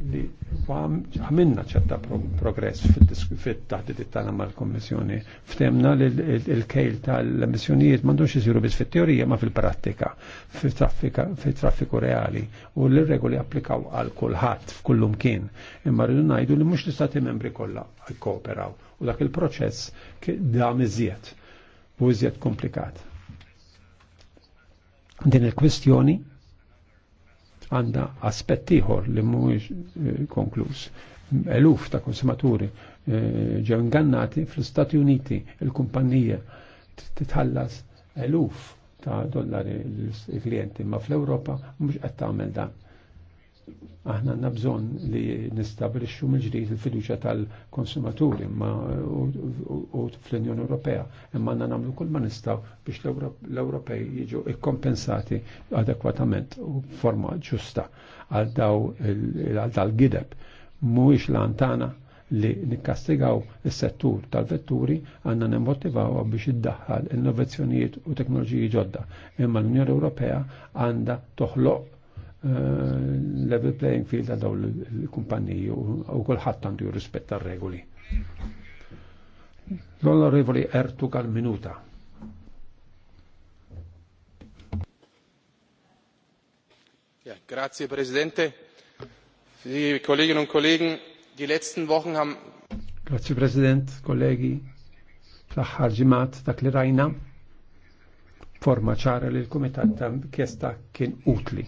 li għamilna ċerta progress fil it tagħna mal-Kommissjoni. Ftemna li l-kejl tal-emissjonijiet m'għandux isiru biss fit-teorija ma fil-prattika, fit-traffiku reali u l-regoli applikaw għal kulħadd f'kullum kien. Imma rridu ngħidu li mhux l-istati membri kollha jkooperaw u dak il-proċess dam iżjed u iżjed komplikat. Din il-kwistjoni għandha aspett ieħor li mhuwiex konkluż. Eluf ta' konsumaturi ġew ingannati fl-Istati Uniti il-kumpanija titħallas eluf ta' dollari l-klijenti ma fl-Europa mhux qed tagħmel dan aħna għanna bżon li nistabilixxu mill-ġdid il-fiduċa tal-konsumaturi imma u fl-Unjoni Ewropea, imma għanna namlu kull ma nistaw biex l-Ewropej jiġu ikkompensati adekwatament u forma ġusta għal daw għal dal gideb mhuwiex lantana li nikkastigaw is-settur tal-vetturi għandna nimmotivaw biex iddaħħal innovazzjonijiet u teknoloġiji ġodda. Imma l-Unjoni Ewropea għandha toħloq Eh, level playing field għal dawn il-kumpanniji u kulħadd għandu jirrispetta r-regoli. L-onorevoli ertu għal-minuta. Grazie Presidente. Die Kolleginnen und Kollegen, die letzten Wochen haben. Grazie Presidente, kollegi. Fl-aħħar ġimgħat dak li rajna forma ċara li l-Kumitat ta' kien utli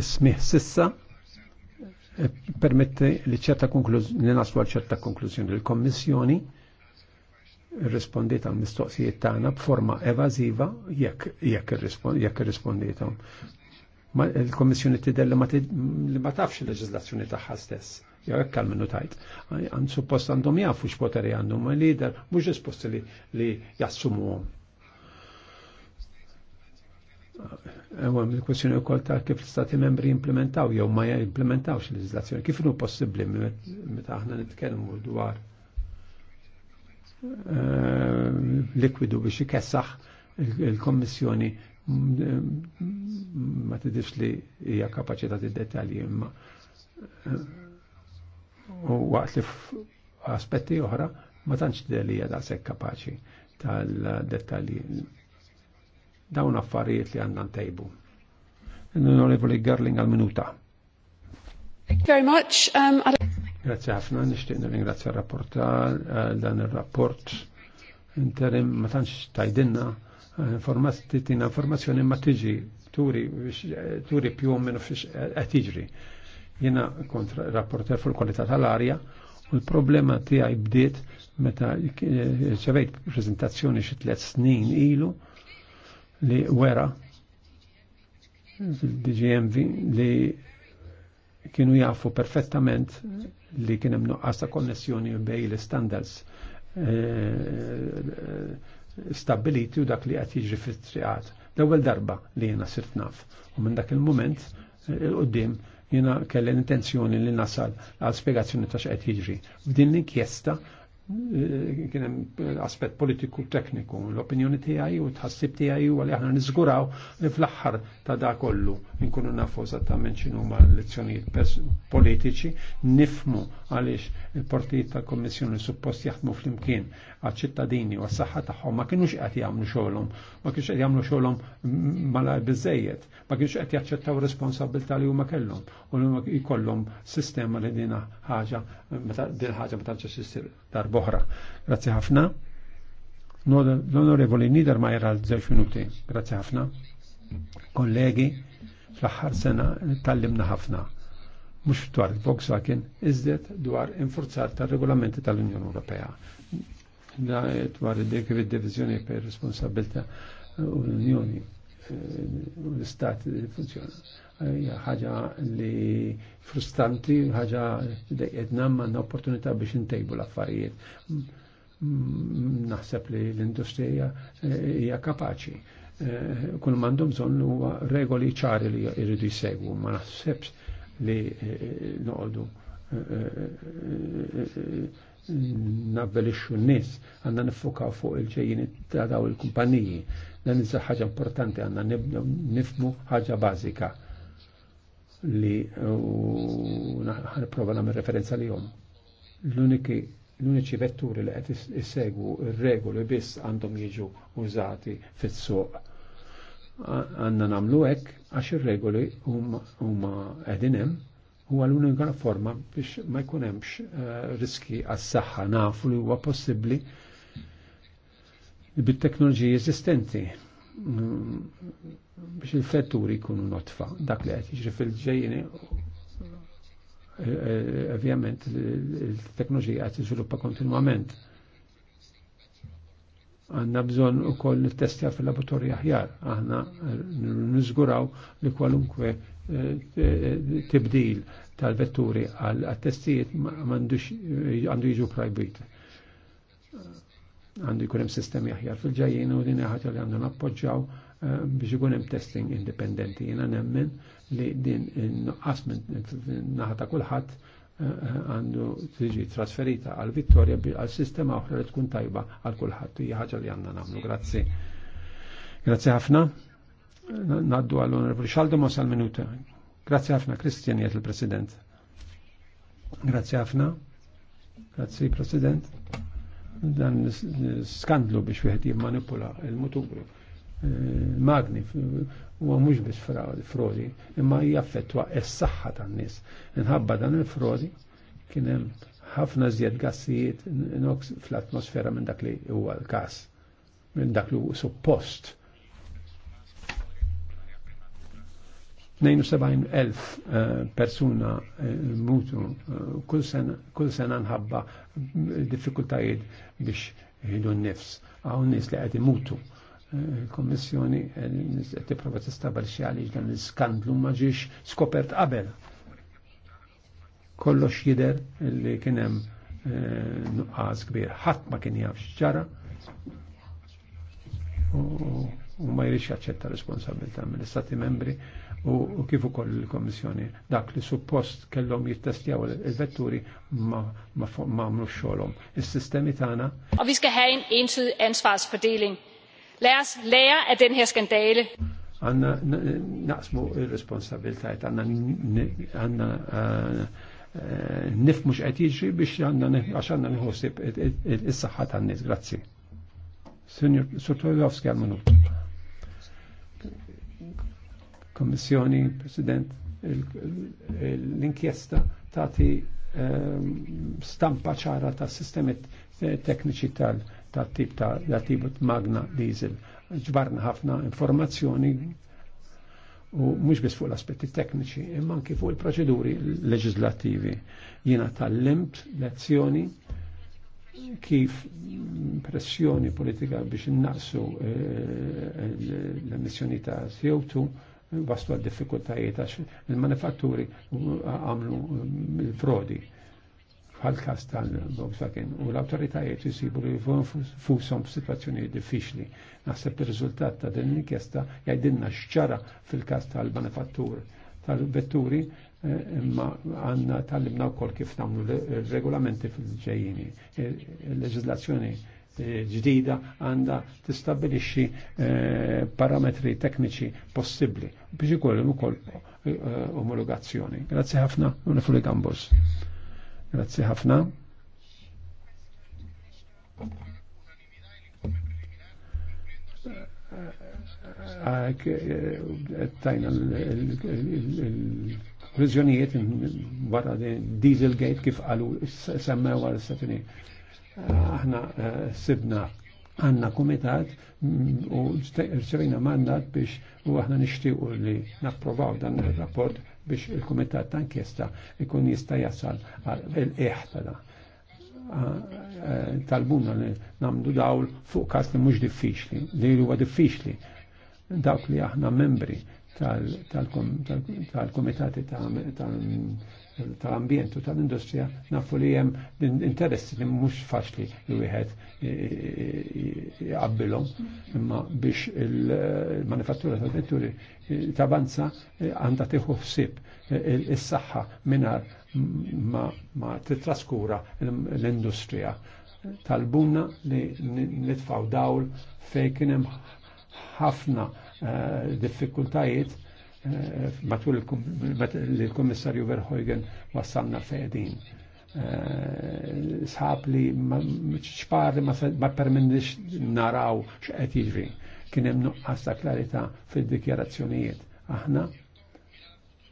Ismiħ sissa e, permette li ċerta konklużjoni, li naslu għal ċerta konklużjoni. l kommissjoni rispondiet għal mistoqsijiet tagħna b'forma evażiva jekk jekk irrispondietom. Ma il-Kommissjoni tidher li ma tafx il-leġiżlazzjoni tagħha stess. Jew hekk għal minnu tajt. Għan suppost għandhom jafu x'poteri għandhom ma lider mhux disposti li jassumuhom. Għem il-kwestjoni u ta' kif l-stati membri implementaw jew ma jimplementawx l-legislazzjoni. Kif nu possibli meta aħna nitkellmu dwar eh, likwidu biex ikessaħ il-kommissjoni mm, ma tidifx li hija kapaċi ta' dettalji imma u eh, waqt li aspetti oħra ma tantx li hija daqshekk kapaċi tal-dettalji dawn affarijiet li għandna ntejbu. Onorevoli Garling għal-minuta. Very much. Um, Grazie ħafna, nishtiq nirringrazzja r-rapporta eh, dan il rapport interim ma tantx tajdinna eh, titina informazzjoni ma tiġi turi eh, turi più o meno qed tiġri. Jiena kont rapporter fuq kwalità tal-arja u l-problema tiegħi bdiet meta ċevejt prezentazzjoni xi tliet snin ilu li wera dgmv li kienu jafu perfettament li kien hemm nuqqas ta' konnessjoni bej l-standards eh, stabiliti u dak li qed jiġri fit-triqat. L-ewwel darba li jena sirt naf. U minn dak il-mument il-qudiem jiena kelli intenzjoni li nasal għal spjegazzjoni ta' x'qed jiġri. F'din l-inkjesta Eh, kien hemm eh, aspett politiku tekniku. L-opinjoni tiegħi u tħassib tiegħi u li aħna niżguraw li fl-aħħar ta' da kollu nkunu nafu ta' menċinu huma l-elezzjonijiet politiċi, nifmu għaliex il-partijiet tal-Kommissjoni suppost jaħdmu flimkien għal ċittadini u għas-saħħa tagħhom ma kinux qed jagħmlu xogħolhom, ma kienx qed jagħmlu xogħolhom mala bizzejiet ma kienx qed jaċċettaw responsabilità li huma kellhom u li jkollhom sistema li dina ħaġa dina ħaġa ma tantx darba boħra. Grazzi ħafna. L-onorevoli Nidar ma jera l żewġ minuti. Grazzi ħafna. Kollegi, fl-axħar sena tallimna ħafna. Mux dwar il-Volkswagen, izdet dwar infurzar tal-regolamenti tal-Unjoni Ewropea. Dwar id-dik divizjoni per responsabilta eh, u l-Unjoni eh, u l-Stat eh, funzjona Eh, ħaġa li frustranti, ħaġa dejjedna manna opportunità biex intejbu l-affarijiet. Mm, naħseb li l-industrija eh, hija kapaċi. Eh, kull mandom bżonn u regoli ċari li jridu jisegwu ma naħsebx li noqogħdu nabbelixxu n-nies għandna nifukaw fuq il-ġejjin ta' daw il-kumpaniji. Dan iżda ħaġa importanti għandna nifmu ħaġa bażika li ħanprova nagħmel referenza li jom. L-uniki uniċi vetturi li qed issegwu r regoli biss għandhom jiġu użati fis-suq. Għandna nagħmlu hekk għax ir-regoli huma qegħdin hemm huwa l-unika forma biex ma jkun hemmx eh, riski għas-saħħa nafu li huwa possibbli bit-teknoloġiji eżistenti mm, biex il-fetturi jkunu notfa dak li qed jiġri fil-ġejjini eh, eh, ovvjament il-teknoloġija qed tiżviluppa kontinwament għanna bżon u koll nittestja fil-laboratorja aħjar, għanna nizguraw li kwalunkwe eh, tibdil tal-vetturi għal-testijiet għandu jiġu prajbit. Għandu jkun hemm sistemi aħjar fil-ġajjien u din ħaġa li għandu nappoġġaw biex ikun hemm testing indipendenti. Jiena nemmen li din nuqqas minn naħa ta' kulħadd eh, eh, għandu tiġi trasferita għal Vittoria għal sistema oħra li tkun tajba għal kulħadd hija ħaġa li għandna nagħmlu. Grazzi. Grazzi ħafna. Naddu għall onorevoli Xaldu Mos minuta. Grazzi ħafna Kristjan jgħid il-President. Grazzi ħafna. Grazzi President. Dan skandlu biex wieħed jimmanipula il-mutubru magni u mhux biex frodi, imma jaffettwa s-saħħa tan-nies. Inħabba dan il-frodi kien hemm ħafna żjed gassijiet nox fl-atmosfera minn dak li huwa l-każ, minn dak li suppost. 72.000 eh, persuna eh, mutu eh, kull sena nħabba diffikultajiet biex jħidu n-nifs, għaw n-nis li għed mutu kommissjoni qed tipprova tistabalxi għaliex dan l-iskandlu ma ġiex skopert qabel. Kollox jider li kien hemm eh, nuqqas kbir, ħadd ma kien jaf x'ġara u ma jrix jaċċetta responsabilità mill-Istati membri u kif ukoll il-Kommissjoni. Dak li suppost kellhom jittestjaw il-vetturi ma ma xogħolhom. Is-sistemi tagħna. Og vi skal have en Lad os lære af den her skandale. Għanna naqsmu il-responsabilitajt, għanna nifmu xqed jiġri biex għanna għax għanna il tan-nies. Grazzi. għal Kommissjoni, President, l-inkjesta tati ehm, stampa ċara ta' sistemi tekniċi tal- ta' tip ta' da' tip magna diesel. Ġbarna ħafna informazzjoni u mhux biss fuq l-aspetti tekniċi, imma anki fuq il-proċeduri leġislattivi. Jiena tal-limt lezzjoni kif pressjoni politika biex innaqsu eh, l-emissjoni ta' CO2 bastu eh, għad diffikultajiet għax il-manifatturi għamlu il-frodi. Eh, bħal kastan tal Sakin u l-autoritajiet jisibu li fusom f'sitwazzjoni diffiċli. Naħseb ir-riżultat ta' din l-inkjesta jgħidinna xċara fil kast tal-manifattur tal-vetturi eh, imma għanna tal-limna wkoll kif nagħmlu regolamenti fil-ġejjini. Eh, il leġizlazzjoni eh, ġdida għanda tistabilixxi parametri tekniċi possibli biex ikollhom ukoll omologazzjoni. Grazie ħafna, Unifuli Gambos. Grazzi ħafna. Eh, tajna l-prizjonijiet wara Dieselgate kif qalu semmew għal s-satini. Aħna eh, sibna għanna komitat mm, u rċevina mandat biex u aħna nishtiqu li napprovaw dan il-rapport biex il-Kumitat ta' inkjesta ikun jista' jasal il-eħtada talbuna li namdu dawl fuq kas li mhux diffiċli, li huwa diffiċli dawk li aħna membri tal-komitati ta' tal-ambjent u tal-industrija nafu li hemm interessi li mhux faċli li wieħed jgħabbilom imma biex il-manifattura tal-vetturi Banza eh, għandha tieħu ħsieb eh, is-saħħa mingħajr ma titraskura l-industrija tal tal-bunna li nitfaw dawl fej kien hemm ħafna eh, diffikultajiet matul l kommissarju Verhoeven wassalna fejdin. Sħab li ċpar li ma permendix naraw x'qed jġri. Kien hemm nuqqas ta' klarità fid-dikjarazzjonijiet. Aħna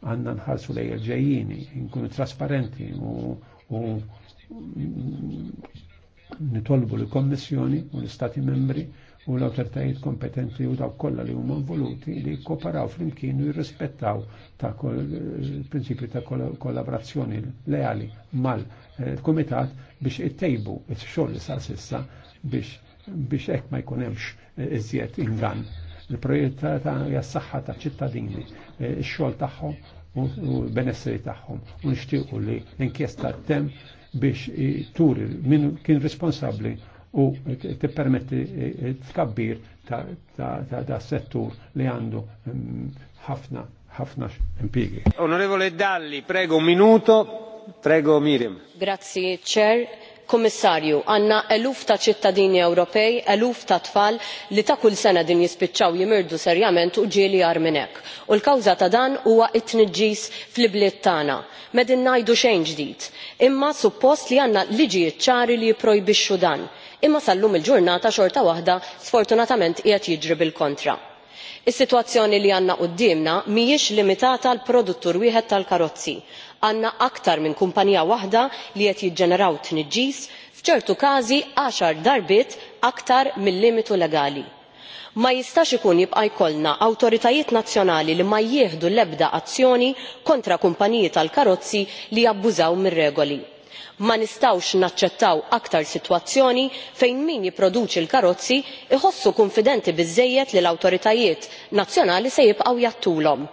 għandna nħarsu lejn il-ġejjini, nkunu trasparenti u nitolbu l-Kommissjoni u l-Stati membri u l-autoritajiet kompetenti u dawk kollha li huma involuti li kooperaw flimkien u jirrispettaw ta' prinċipju ta' kollaborazzjoni leali mal-Kumitat biex ittejbu it xogħol li sar sissa biex biex hekk ma jkunemx eh, iżjed ingan. Il-projettà ta' saħħa ta' ċittadini, eh, x-xogħol tagħhom u benessri tagħhom u nixtiequ li l-inkjesta tem biex turi min kien responsabbli u tippermetti eh, eh, tkabbir ta' settur li għandu mm, ħafna ħafna impiegi. Onorevole Dalli, prego un minuto, prego Mirim. Grazie, Chair. Kommissarju, għanna eluf ta' ċittadini Ewropej, eluf ta' tfal li ta' kull sena din jispiċċaw jimirdu serjament u ġieli għarminek. U l-kawza ta' dan huwa it-tniġġis fl-ibliet tagħna. Medin ngħidu xejn ġdid. Imma suppost li għanna liġijiet ċari li jipprojbixxu dan imma sal-lum il-ġurnata xorta waħda sfortunatament qiegħed jiġri bil-kontra. Is-sitwazzjoni li għandna qudiemna mhijiex limitata l produttur wieħed tal-karozzi. Għandna aktar minn kumpanija waħda li qed jiġġeneraw tniġġis f'ċertu każi għaxar darbiet aktar mill limitu legali ma jistax ikun jibqa' jkollna awtoritajiet nazzjonali li ma jieħdu l-ebda azzjoni kontra kumpaniji tal-karozzi li jabbużaw mir-regoli ma nistgħux naċċettaw aktar sitwazzjoni fejn min jipproduċi l-karozzi iħossu konfidenti biżżejjed li l-awtoritajiet nazzjonali se jibqgħu jattulhom.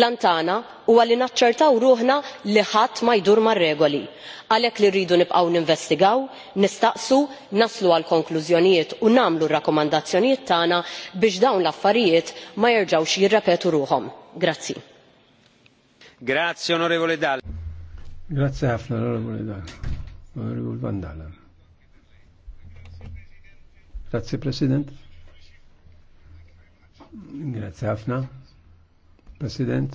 Lantana huwa li naċċertaw ruħna li ħadd ma jdur mar-regoli għalhekk li rridu nibqgħu ninvestigaw nistaqsu naslu għal konklużjonijiet u nagħmlu r-rakkomandazzjonijiet tagħna biex dawn l-affarijiet ma jerġgħux jirrepetu ruhom. Grazzi. Grazie onorevole Dalli. Grazie ħafna l-onorevole Dan. Onorevole Vandala. Grazie Presidente. Grazie ħafna. President.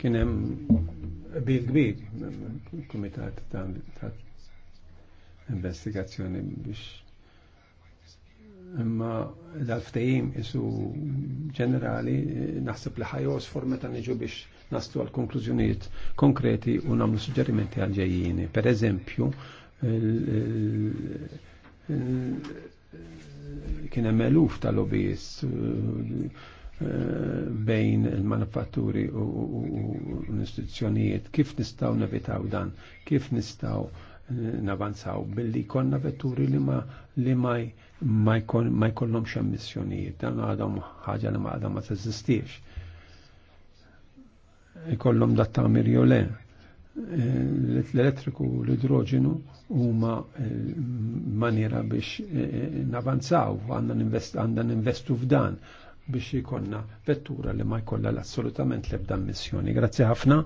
Kien hemm bil kbir, kumitat ta' investigazzjoni biex imma l alftajim isu ġenerali naħseb li ħajos meta niġu biex naslu għal konklużjonijiet konkreti u namlu suġġerimenti għal ġejjini. Per eżempju, kien hemm eluf ta' lobbies bejn il-manufatturi u l-istituzzjonijiet, kif nistgħu nevitaw dan, kif nistgħu navanzaw billi konna vetturi li ma li ma jkollhomx emissjonijiet. Dan għadhom ħaġa li ma għadhom ma teżistix. Ikollhom dat tagħmir jew le eh, l-elettriku u l-idroġenu huma eh, maniera biex eh, navanzaw, għandan investu f'dan biex jikonna vettura li ma jkollha assolutament l-ebda missjoni. Grazzi ħafna.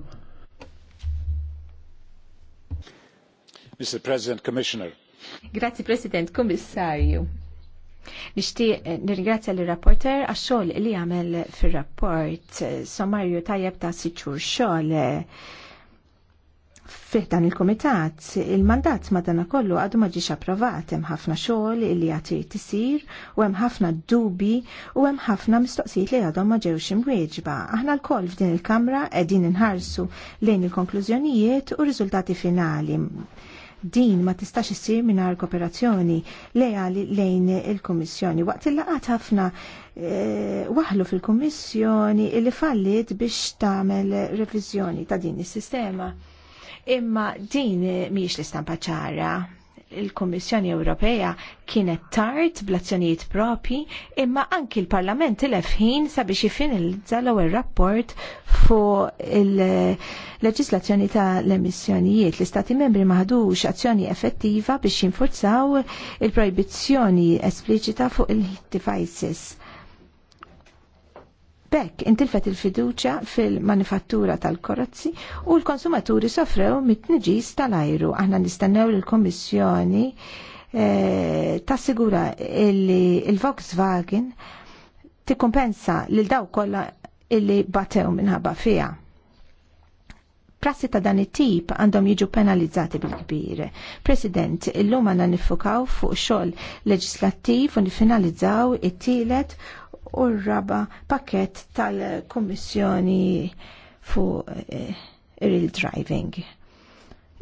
Mr. President, Commissioner. Grazie President, Commissario. Nishtiq eh, nirgrazzja l rapporter għax xogħol li għamel fir-rapport eh, sommarju tajjeb ta' siċur xogħol eh, fih dan il-komitat, il-mandat madana kollu għadu ma ġiex approvat, hemm ħafna xogħol li għati tisir, u hemm ħafna dubi, u hemm ħafna mistoqsijiet li għadhom ma ġewx imwieġba. Aħna l-koll f'din il-Kamra qegħdin inħarsu lejn il-konklużjonijiet u r-riżultati finali Din ma tistax issir mingħajr kooperazzjoni lejali lejn il-Kummissjoni. Waqt il-laqat ħafna eh, waħlu fil-Kummissjoni li fallit biex tagħmel reviżjoni ta' din is-sistema. Imma din mhijiex l-istampa ċara il-Kommissjoni Ewropea kienet tard blazzjonijiet propi imma anki l-Parlament il-efħin sabiex jifinilizza l-ewwel rapport fuq il-leġislazzjoni ta' l-emissjonijiet. L-Istati membri maħdux azzjoni effettiva biex jinfurzaw il-proibizzjoni espliċita fuq il-devices Bekk intilfet il-fiduċa fil-manifattura tal-korozzi u l-konsumaturi sofrew mit-tniġis tal-ajru. Aħna nistennew l-Kommissjoni eh, tassigura illi il-Volkswagen tikkumpensa lil daw kollha illi batew minħabba fija. Prassi ta' dan it-tip għandhom jiġu penalizzati bil kbire President, illum għanna nifukaw fuq xogħol leġislattiv u nifinalizzaw it-tielet u r-raba pakket tal-Kommissjoni fuq il-driving. Eh,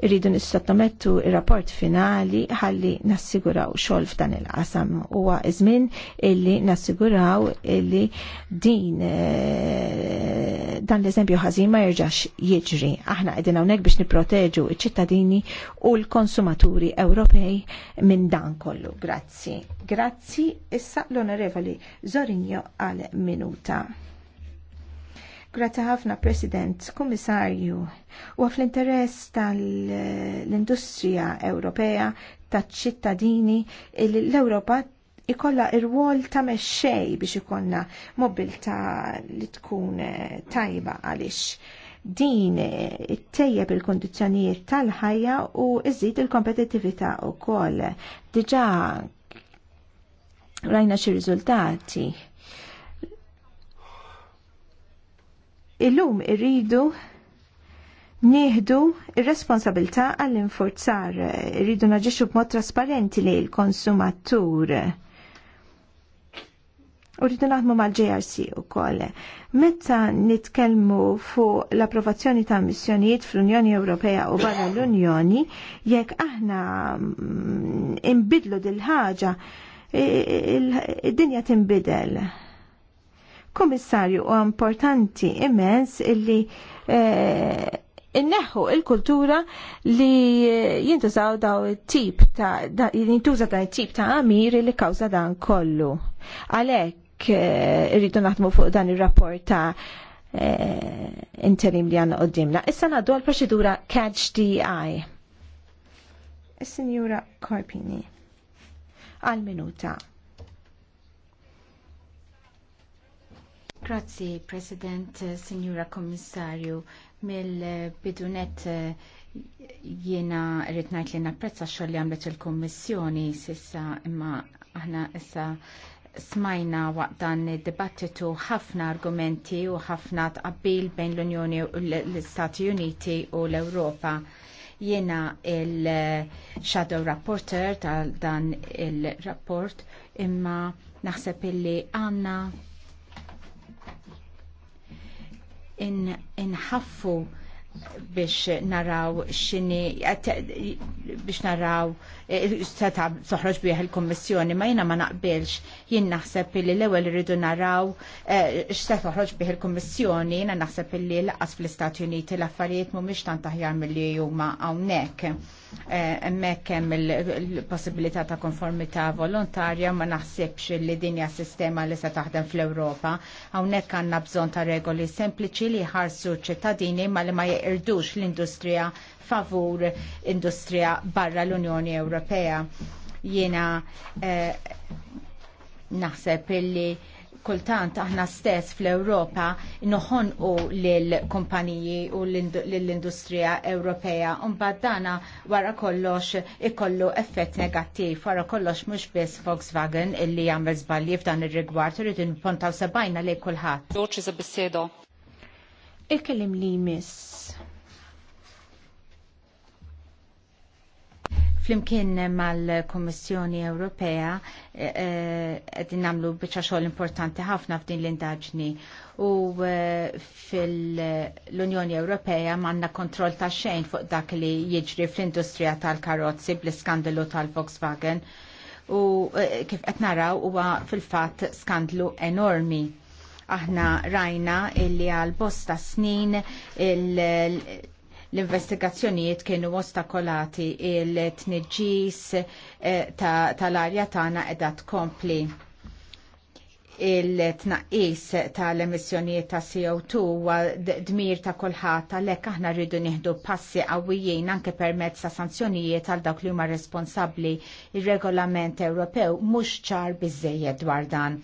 Irridu nissottomettu il rapport finali ħalli nassiguraw xogħol f'dan il-qasam huwa żmien illi nassiguraw illi din eh, dan l-eżempju ħażin ma jerġax jiġri. Aħna qegħdin hawnhekk biex nipproteġu il ċittadini u l-konsumaturi Ewropej minn dan kollu. Grazzi. Grazzi issa l-Onorevoli Zorinjo għal minuta. Grazie ħafna, President, Kummissarju. U fl-interess tal-industrija Ewropea, taċ-ċittadini, l-Ewropa ikolla ir-wol ta' meċċej biex ikonna mobilta li tkun eh, tajba għalix din eh, tejjeb il-kondizjonijiet tal-ħajja u iżid il-kompetitività u koll. Diġa rajna xi riżultati illum irridu nieħdu ir-responsabilità għall-infurzar, irridu naġixxu b'mod trasparenti li l-konsumatur. Urridu naħdmu mal-JRC u koll. Meta nitkellmu fuq l-approvazzjoni ta' missjonijiet fl-Unjoni Ewropea u barra l-Unjoni, jekk aħna mm, imbidlu dil-ħaġa, id-dinja tinbidel. Komissarju, u importanti immens illi eh, inneħu il-kultura li jintużaw daw tip ta' jintużaw daw tip ta' amir li kawza dan kollu. Għalek eh, irridu naħdmu fuq dan il-rapport ta' eh, interim li għanna għoddimna. Issa naddu għal-proċedura catch DI. Is-Sinjura Għal-minuta. Grazzi, President, eh, Signora Kommissarju, mill-bidunet eh, jiena rrid li napprezza xoll xogħol li għamlet il-Kummissjoni sissa imma aħna issa smajna waqt dan id-dibattitu ħafna argumenti u ħafna tqabbil bejn l-Unjoni u l-Istati Uniti u l-Ewropa. Jiena il-Shadow Rapporter tal dan il-rapport imma naħseb illi għandna inħaffu in biex naraw xini biex naraw Eh, seta soħroġ bieħ il-Kommissjoni ma jina ma naqbilx jien naħseb li l-ewwel rridu naraw eh, x'se toħroġ bieħ il-Kommissjoni jiena naħseb li laqas fl-Istati Uniti l-affarijiet mhumiex tant aħjar milli huma hawnhekk. Eh, hemmhekk hemm il-possibilità ta' konformità volontarja ma naħsibx li dinja sistema li se taħdem fl-Ewropa. Hawnhekk għandna bżonn ta' regoli sempliċi li ħarsu ċittadini ma li ma jeqirdux l-industrija favur industrija barra l-Unjoni Ewropea. Jiena eh, naħseb illi kultant aħna stess fl-Europa noħon u l-kumpaniji u l-industrija Ewropea un baddana wara kollox ikollu effett negattiv wara kollox mux biss Volkswagen illi għamil zballi f'dan ir-rigward rridu n-pontaw sabajna li kulħadd. Doċi za li miss Flimkien mal-Kommissjoni Ewropea eh, eh, qegħdin nagħmlu biċċa xogħol importanti ħafna f'din l-indaġni u eh, fil-Unjoni Ewropea manna kontrol ta' xejn fuq dak li jiġri fl-industrija tal-karozzi bl-iskandalu tal-Volkswagen u kif qed naraw huwa fil-fatt skandlu enormi aħna rajna illi għal bosta snin il L-investigazzjonijiet kienu ostakolati il-tniġġis eh, tal-arja tagħna qiegħda tkompli il-tnaqqis tal-emissjonijiet ta' CO2 huwa dmir ta' kulħadd għalhekk aħna rridu nieħdu passi qawwijin anke permezz ta' sanzjonijiet għal dawk li huma responsabbli ir-regolament Ewropew mhux ċar biżejjed dwar dan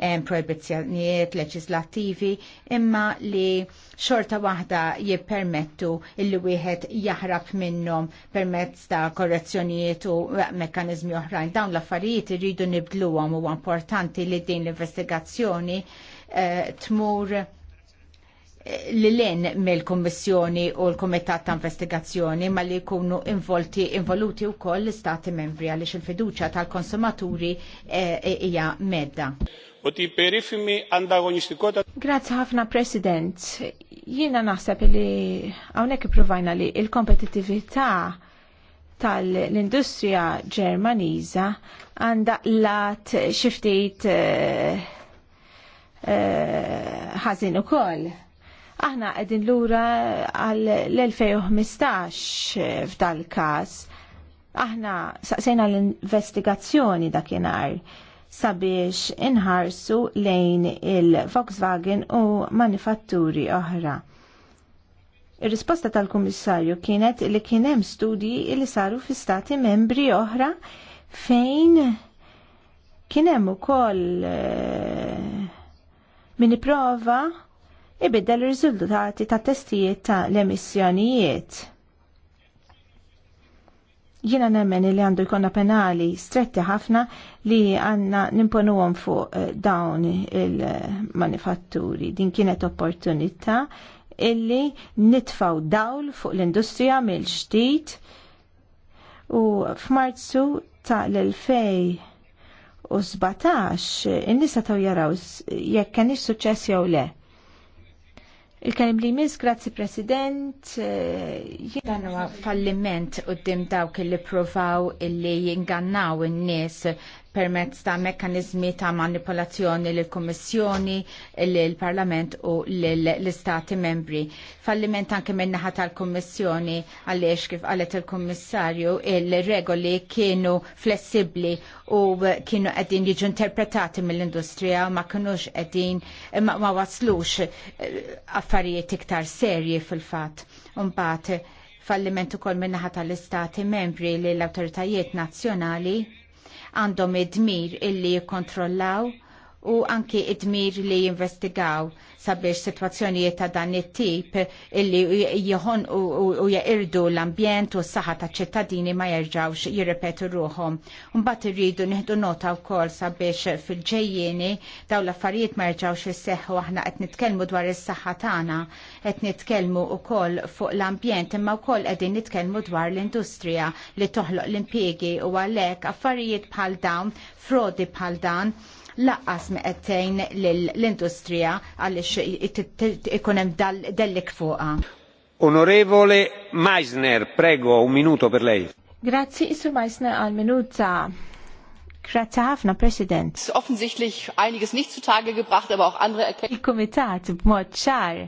proibizzjonijiet leġislattivi imma li xorta waħda jippermettu illi wieħed jaħrab minnhom permezz ta' korrezzjonijiet u mekkaniżmi oħrajn. Dawn l-affarijiet irridu nibdluhom huwa importanti li din l-investigazzjoni eh, tmur eh, li l-in mill-Kommissjoni u l-Komitat ta' Investigazzjoni ma li jkunu involti, involuti u koll l-Stati membri għalix il-fiduċa tal-konsumaturi eh, hija medda ότι η περίφημη ανταγωνιστικότητα... Grazie ħafna, President. Jiena naħseb li hawnhekk ippruvajna li l-kompetittività tal-industrija Ġermaniża għandha lat xi ftit eh, eh, ħażin ukoll. Aħna qegħdin lura għal l-2015 eh, f'dal każ. Aħna saqsejna l-investigazzjoni dakinhar sabiex inħarsu lejn il-Volkswagen u manifatturi oħra. Ir-risposta tal-Kummissarju kienet li kien hemm studji li saru fi stati membri oħra fejn kien hemm ukoll eh, min prova ibidda l riżultati ta' testijiet ta' l-emissjonijiet. Jiena nemmen li għandu jkollna penali stretti ħafna li għanna nimponuhom fuq eh, dawn il-manifatturi. Din kienet opportunità illi nitfaw dawl fuq l-industrija mill-ġdid u f'Marzu tal-2017 in-nisa taw jaraw jekk kenix suċċess jew le Il-kelim li mis, grazzi President. Eh, dan huwa falliment dim dawk li provaw il-li jingannaw in-nies permezz ta' mekkanizmi ta' manipolazzjoni l kummissjoni l-Parlament u l-Istati membri. Falliment anke minnaħa tal-Kommissjoni għaliex kif għalet il-Kommissarju il-regoli kienu flessibli u kienu għedin jiġu interpretati mill-industrija u ma kienux għedin ma waslux eh, affarijiet iktar serji fil-fat. Umbat falliment ukoll minnaħa tal-Istati membri li l-autoritajiet nazzjonali għandhom id-dmir illi jikkontrollaw u anki id-dmir li jinvestigaw sabiex situazzjonijiet ta' dan it-tip illi jħon u jaqirdu l-ambjent u s-saħħa ta' ċittadini ma jerġawx jirrepetu ruħom. Mbagħad irridu nieħdu nota wkoll sabiex fil-ġejjieni daw l-affarijiet ma jerġawx isseħħu aħna qed nitkellmu dwar is-saħħa tagħna, qed nitkellmu wkoll fuq l-ambjent imma wkoll qegħdin nitkellmu dwar l-industrija li toħloq l-impjiegi u għalhekk affarijiet bħal dawn, frodi bħal dan, laqqas meqettejn l-industrija għaliex ikun hemm dellik fuqha. Onorevole Meisner, prego, un minuto per lei. Grazzi, Isur Meisner, al minuta. Grazie ħafna, President. Offensichtlich einiges nicht zutage gebracht, aber auch andere Erkenntnisse. Il-Komitat b'mod ċar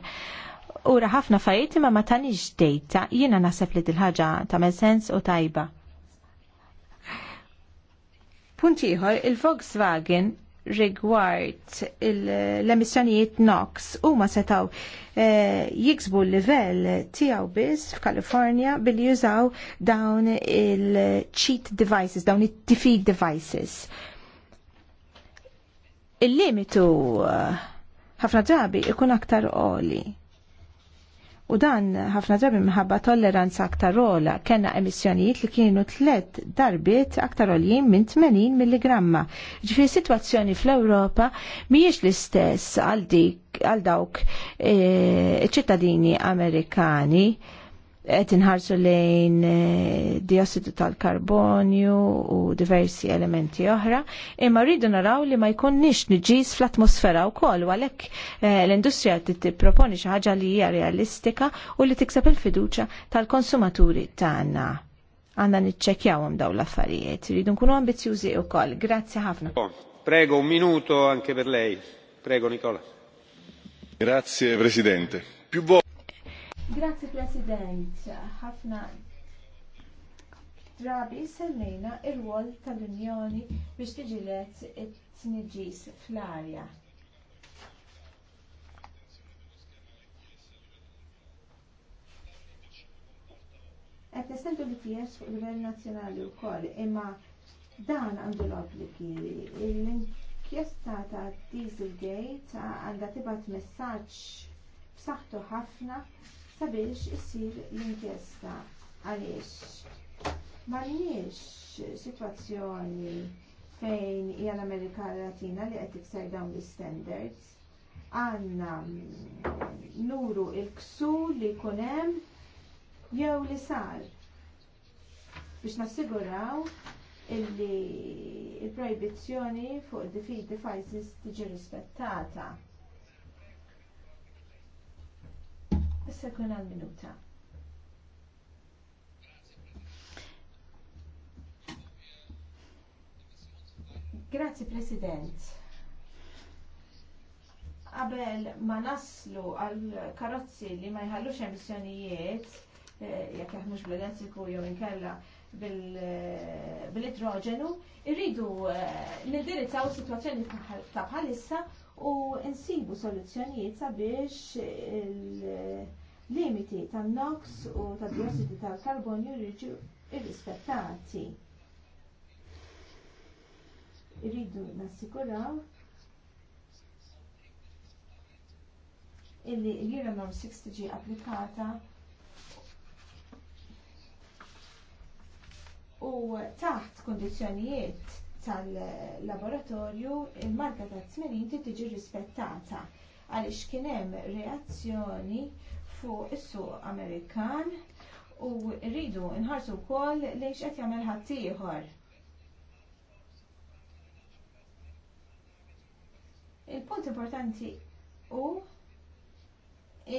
ura ħafna fajt ma matani dejta jiena nasab li dil-ħaġa ta' sens u tajba. Punt ieħor, il-Volkswagen rigward l-emissjonijiet NOx u ma setaw eh, jiksbu l-level tijaw biss f'Kalifornja billi jużaw dawn il-cheat devices, dawn il-defeat devices. Il-limitu eh, ħafna drabi ikun aktar oli. U dan ħafna drabi minħabba tolleranza aktar rola kena emissjonijiet li kienu tlet darbiet aktar oljin minn 80 mg. Ġifi situazzjoni fl-Europa miex l-istess għal dawk eh, ċittadini e, Amerikani qed inħarsu lejn eh, diossidu tal-karbonju u diversi elementi oħra, imma rridu naraw li ma jkunniex nġis fl-atmosfera wkoll u għalek eh, l-industrija tipproponi xi ħaġa li hija realistika u li tikseb il-fiduċja tal-konsumaturi tagħna. Għanna niċċekjawhom dawn l-affarijiet, rridu nkunu ambizjużi wkoll. Grazzi ħafna. Oh, prego, un minuto anche per lei. Prego, Nicola. Grazie, Presidente. Più Grazzi President, ħafna drabi semmejna r wol tal-Unjoni biex tiġilet it-tniġis fl-arja. Qed nistendu li tiegħek fuq livell nazzjonali wkoll, imma dan għandu l-obbligi. L-inkjesta ta' Dieselgate għandha tibgħat messaġġ b'saħħtu ħafna sabiex issir l-inkjesta għaliex m'għandniex sitwazzjoni fejn hija l-Amerika Latina li qed tikser dawn l-standards għandna mm, nuru il-ksur li jkun hemm jew li sar biex nassiguraw illi il-proibizzjoni fuq il-defeat devices tiġi rispettata. Issa jkun għal minuta. Grazzi President. Qabel ma naslu għal karozzi li ma jħallux emissjonijiet, eh, jekk jaħmux bl-elettriku jew inkella eh, bil-idroġenu, irridu eh, nindirizzaw situazzjoni ta' bħalissa u insibu soluzzjonijiet sabiex il-limiti tan-nox u tad-diossidu tal-karbonju jiġu irrispettati. Irridu nassikuraw illi l-Euro Norm 6 tiġi applikata u taħt kondizjonijiet tal-laboratorju il-marka ta' tmelinti tiġi rispettata għaliex kien hemm reazzjoni fuq is-suq Amerikan u rridu nħarsu wkoll lejn x'qed jagħmel ħaddieħor. Il-punt importanti hu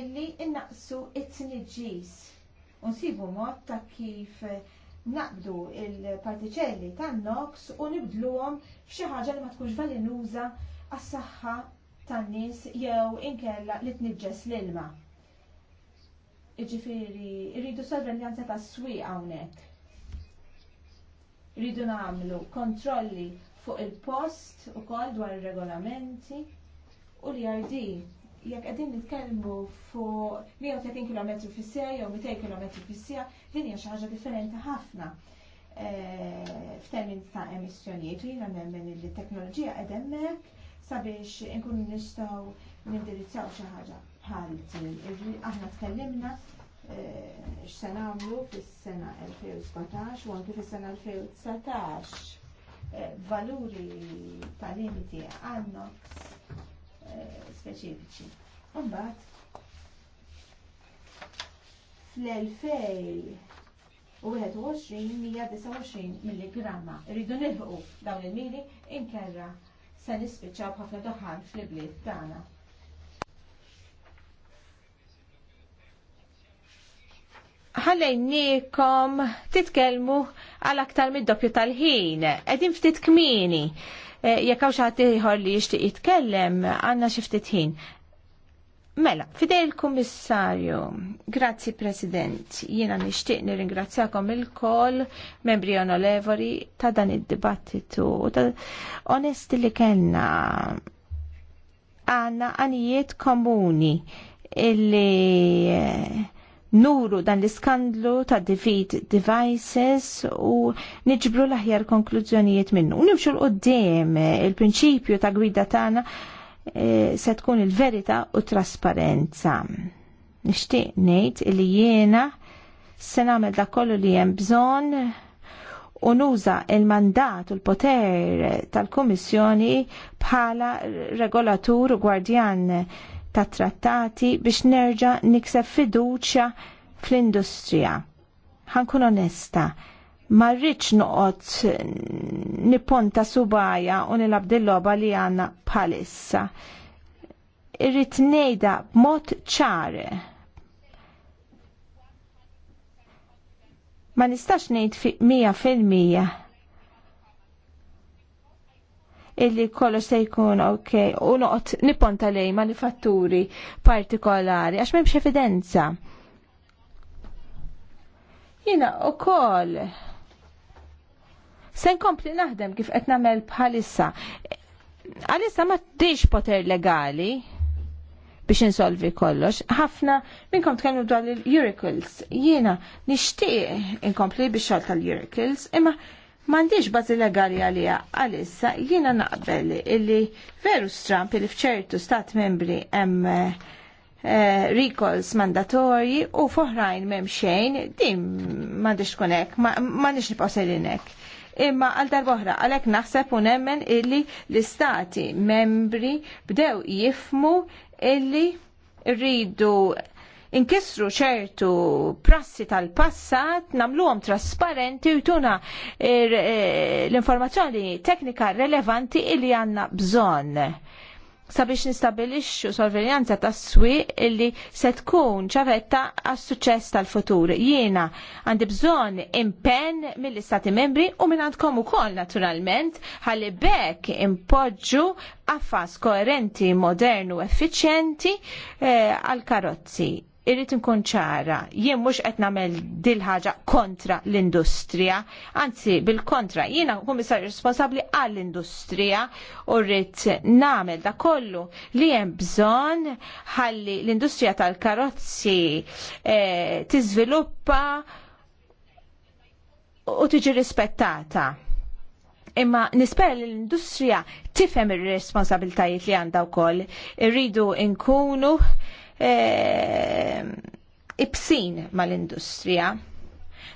illi innaqsu it-tniġġis u nsibu mod ta' kif naqbdu il-partiċelli tan-nox u nibdluhom f'xi ħaġa li ma tkunx valinuża għas-saħħa tan-nies jew inkella li tniġġes l-ilma. Iġifieri rridu sorveljanza tas-swieq hawnhekk. Rridu nagħmlu kontrolli fuq il-post ukoll dwar ir-regolamenti u li RD jekk qegħdin nitkellmu fuq 130 km fissija jew 200 km fissija, din hija xi ħaġa differenti ħafna eh, f'termini ta' emissjonijiet u jiena nemmen li t-teknoloġija qed hemmhekk sabiex inkunu nistgħu nindirizzaw xi ħaġa bħal aħna tkellimna eh, x'se nagħmlu fis-sena 2017 u anke fis-sena 2019 eh, valuri ta' limiti għal speċifiċi. Umbat, fl-2000 u 21 milligramma rridu nilħu dawn il-mili inkerra se nispiċċaw ħafna doħan fl-ibliet tagħna. nikom titkellmu għal aktar mid-doppju tal-ħin, qegħdin ftit kmini. Eh, jekk hawn xi ieħor li jixtieq jitkellem għandna xi ftit ħin. Mela, fidej il-Kummissarju, grazzi President, jiena nixtieq nirringrazzjakom il koll membri onorevoli ta' dan id-dibattitu, Onest onesti li kellna għanna għanijiet komuni illi eh, nuru dan l-iskandlu ta' defeat devices u niġbru l-aħjar konklużjonijiet minnu. Nimxu l-qoddim il-prinċipju ta' gwida tagħna eh, se tkun il-verità u trasparenza. Nixtieq ngħid li jiena se nagħmel dak kollu li hemm bżonn u nuża il-mandat u l-poter tal-Kummissjoni bħala regolatur u gwardjan ta' trattati biex nerġa' nikseb fiduċja fl-industrija. Ħankun onesta, ma rridx noqgħod nipponta subajja u nilab dil-logħba li għandna bħalissa. Irrid ngħidha b'mod ċare. Ma nistax ngħid mija fil-mija illi kollox se jkun ok u noqgħod niponta lej manifatturi partikolari għax m'hemmx evidenza. Jiena koll. se nkompli naħdem kif qed nagħmel bħalissa. Għalissa ma tdix poter legali biex insolvi kollox. Ħafna minnkom tkellmu dwar il-Uricles. Jiena nixtieq inkompli biex xogħol tal-Uricles, imma mandiġ bazi legali għalija għalissa jiena naqbel illi veru stramp il fċertu stat membri hemm eh, recalls mandatorji u foħrajn mem xejn din mandiġ tkun hekk, mandiġ nibqgħu Imma għal darboħra, għalek naħseb u nemmen illi l-istati membri bdew jifmu illi rridu inkisru ċertu prassi tal-passat, namluhom trasparenti u tuna eh, eh, l-informazzjoni teknika relevanti illi għanna bżon sabiex nistabilixxu sorveljanza tas-swieq illi se tkun ċavetta għas suċċess tal-futur. Jiena għandi bżonn impenn mill-Istati membri u minn għandkom ukoll naturalment ħalli bekk impoġġu affas koerenti, modernu, effiċjenti eh, għal eh, karozzi irrid inkun ċara, jien mhux qed nagħmel dil ħaġa kontra l-industrija, anzi bil-kontra, jiena kummissar responsabbli għall-industrija u rrid nagħmel da kollu li hemm bżonn ħalli l-industrija tal-karozzi eh, tiżviluppa u tiġi rispettata imma nispera li l-industrija tifhem ir-responsabiltajiet li għandha wkoll. Irridu nkunu Eh, ibsin mal-industrija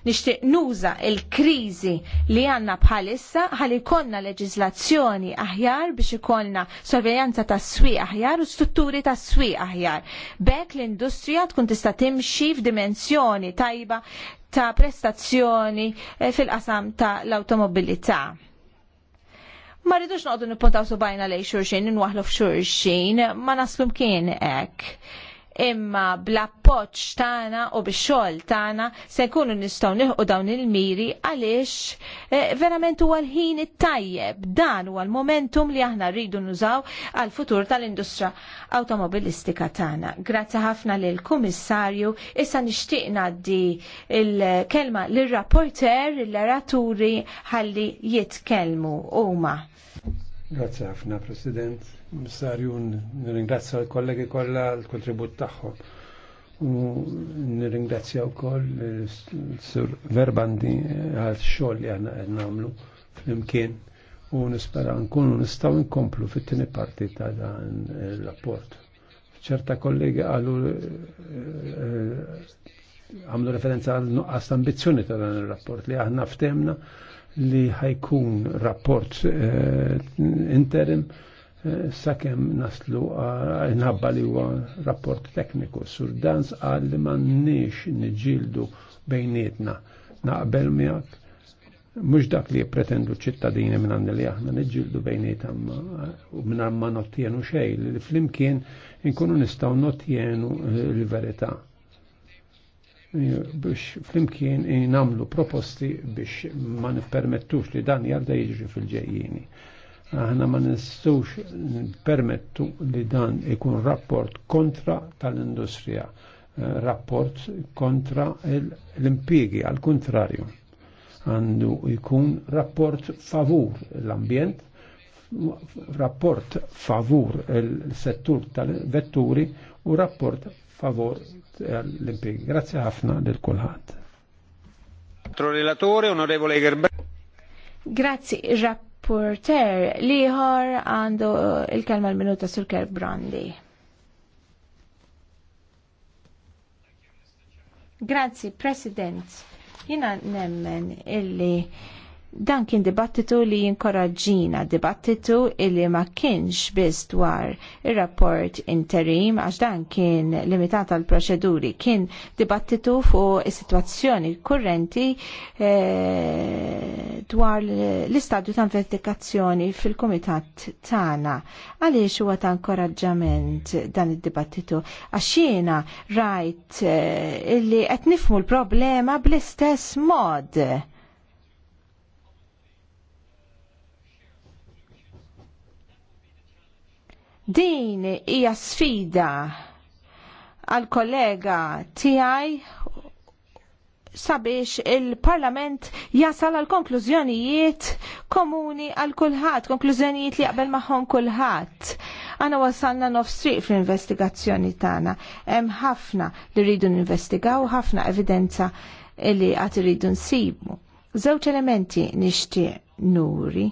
nixtieq nuża il-kriżi li għandna bħalissa ħalli jkollna leġiżlazzjoni aħjar biex ikollna sorveljanza tas swieq aħjar u strutturi tas swieq aħjar. B'hekk l-industrija tkun tista' timxi f'dimensjoni tajba ta' prestazzjoni eh, fil-qasam ta' l-automobilità. Ma rridux noqdu nippuntaw subajna lej xurxin, nwaħlu f'xurxin, ma naslu mkien hekk imma bl-appoġġ tagħna u bix-xogħol tagħna se nkunu nistgħu nieħqu dawn il-miri għaliex eh, verament huwa l-ħin it-tajjeb dan huwa l-momentum li aħna rridu nużaw għal futur tal-industrija automobilistika tagħna. Grazzi ħafna lil kummissarju issa nixtieq ngħaddi il-kelma lir-rapporter l-eraturi ħalli jitkellmu huma. Grazzi ħafna President nir nirringrazzja l-kollegi kollha l-kontribut tagħhom. U nirringrazzja wkoll sur Verbandi għal xogħol li għanna qed nagħmlu flimkien u nispera nkunu nistaw nkomplu fit tini parti ta' dan l apport ċerta kollegi għallu eh, eh, għamlu referenza għal nuqqas ambizzjoni ta' dan il-rapport li aħna ftemna li ħajkun rapport eh, interim sakemm naslu nħabba li huwa rapport tekniku. Sur dans qal li m'għandniex nġildu bejnietna naqbel miegħek mhux dak li jippretendu ċittadini minn għandi li aħna niġġieldu bejnietna u minn ma notjenu xejn li flimkien inkunu nistgħu notjenu eh, l-verità biex flimkien namlu proposti biex ma nippermettux li dan jarda jiġri fil-ġejjini. Aħna ma nistux permettu li dan ikun rapport kontra tal-industrija, eh, rapport kontra l-impiegi, al kontrarju għandu ikun rapport favur l-ambjent, rapport favur l-settur tal-vetturi u rapport favor l-impiegi. Grazie ħafna del kulħat. Relatore, onorevole Gerber. Grazie, rapporter liħor għandu il-kelma l-minuta sur Brandi. Grazie, President. Jina nemmen illi Dan kien dibattitu li jinkoraġġina, dibattitu illi ma kienx biss dwar ir-rapport interim għax dan kien limitat għal proċeduri, kien dibattitu fuq is-sitwazzjoni kurrenti e, dwar l-istadju ta' investigazzjoni fil-kumitat tagħna. Għaliex huwa ta' inkoraġġament dan id-dibattitu għax jiena rajt right, eh, illi qed nifmu l-problema bl-istess mod Din hija sfida għal kollega tiegħi sabiex il-Parlament jasal għal konklużjonijiet komuni għal kulħadd, konklużjonijiet li jaqbel magħhom kulħadd. Għana wasalna nofstriq fl-investigazzjoni tagħna. Hemm ħafna li rridu ninvestigaw, ħafna evidenza li qatt iridu nsibu. Żewġ elementi nixtieq nuri.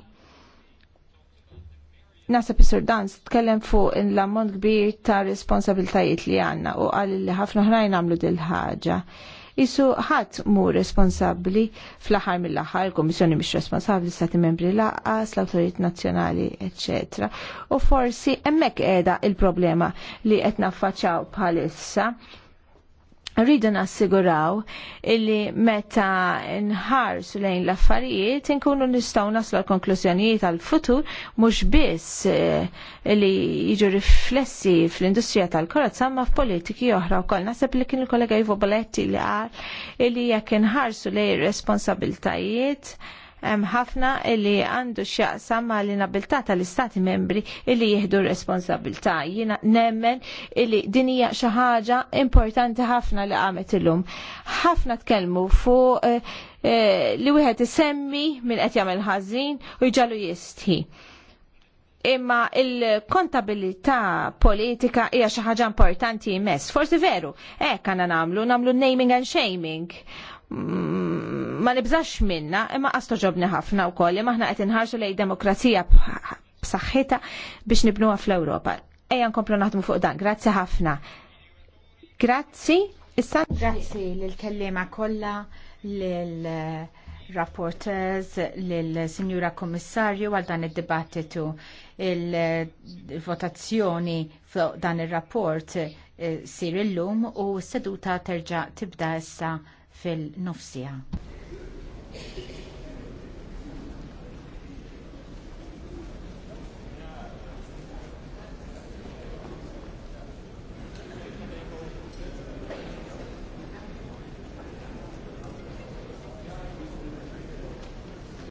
Nasab pisur Dans tkellem fuq l-ammont kbir ta' responsabiltajiet li għanna u għalli li ħafna ħrajn għamlu dil-ħaġa. Isu ħadd mu responsabli fl-aħħar mill-aħħar, il-Kommissjoni mhix responsabbli stati membri laqas, l-awtorit nazzjonali, ecc. U forsi hemmhekk qiegħda il-problema li qed naffaċċaw bħalissa rridu nassiguraw illi meta nħarsu lejn l-affarijiet inkunu nistgħu naslu l-konklużjonijiet għal-futur mhux biss eh, li jiġu riflessi fl-industrija tal-korazza ma f'politiki oħra wkoll. Naħseb li kien il-kollega Ivo Boletti li qal illi jekk inħarsu lejn ir responsabiltajiet hemm ħafna illi għandu x'jaqsam ma' l-inabilità tal-istati membri illi jieħdu responsabilità. Jiena nemmen illi din hija xi ħaġa importanti ħafna li qamet illum. Ħafna tkellmu fuq li wieħed isemmi minn qed jagħmel ħażin u jġalu jistħi imma il-kontabilità politika hija xi ħaġa importanti jmess. Forsi veru, hekk għandna nagħmlu, nagħmlu naming and shaming. Mm, ma nibżax minna, imma ġobni ħafna u koll, imma ħna qed inħarġu lej demokrazija b'saħħitha biex nibnuha fl-Ewropa. Ejja nkomplu naħdmu fuq dan. Grazzi ħafna. Grazzi. Issa. Grazzi lill-kellima kollha l rapporters lill-Sinjura Kommissarju għal dan id-dibattitu il-votazzjoni fuq dan ir rapport eh, sir illum u s seduta terġa' tibda issa fil-nofsija.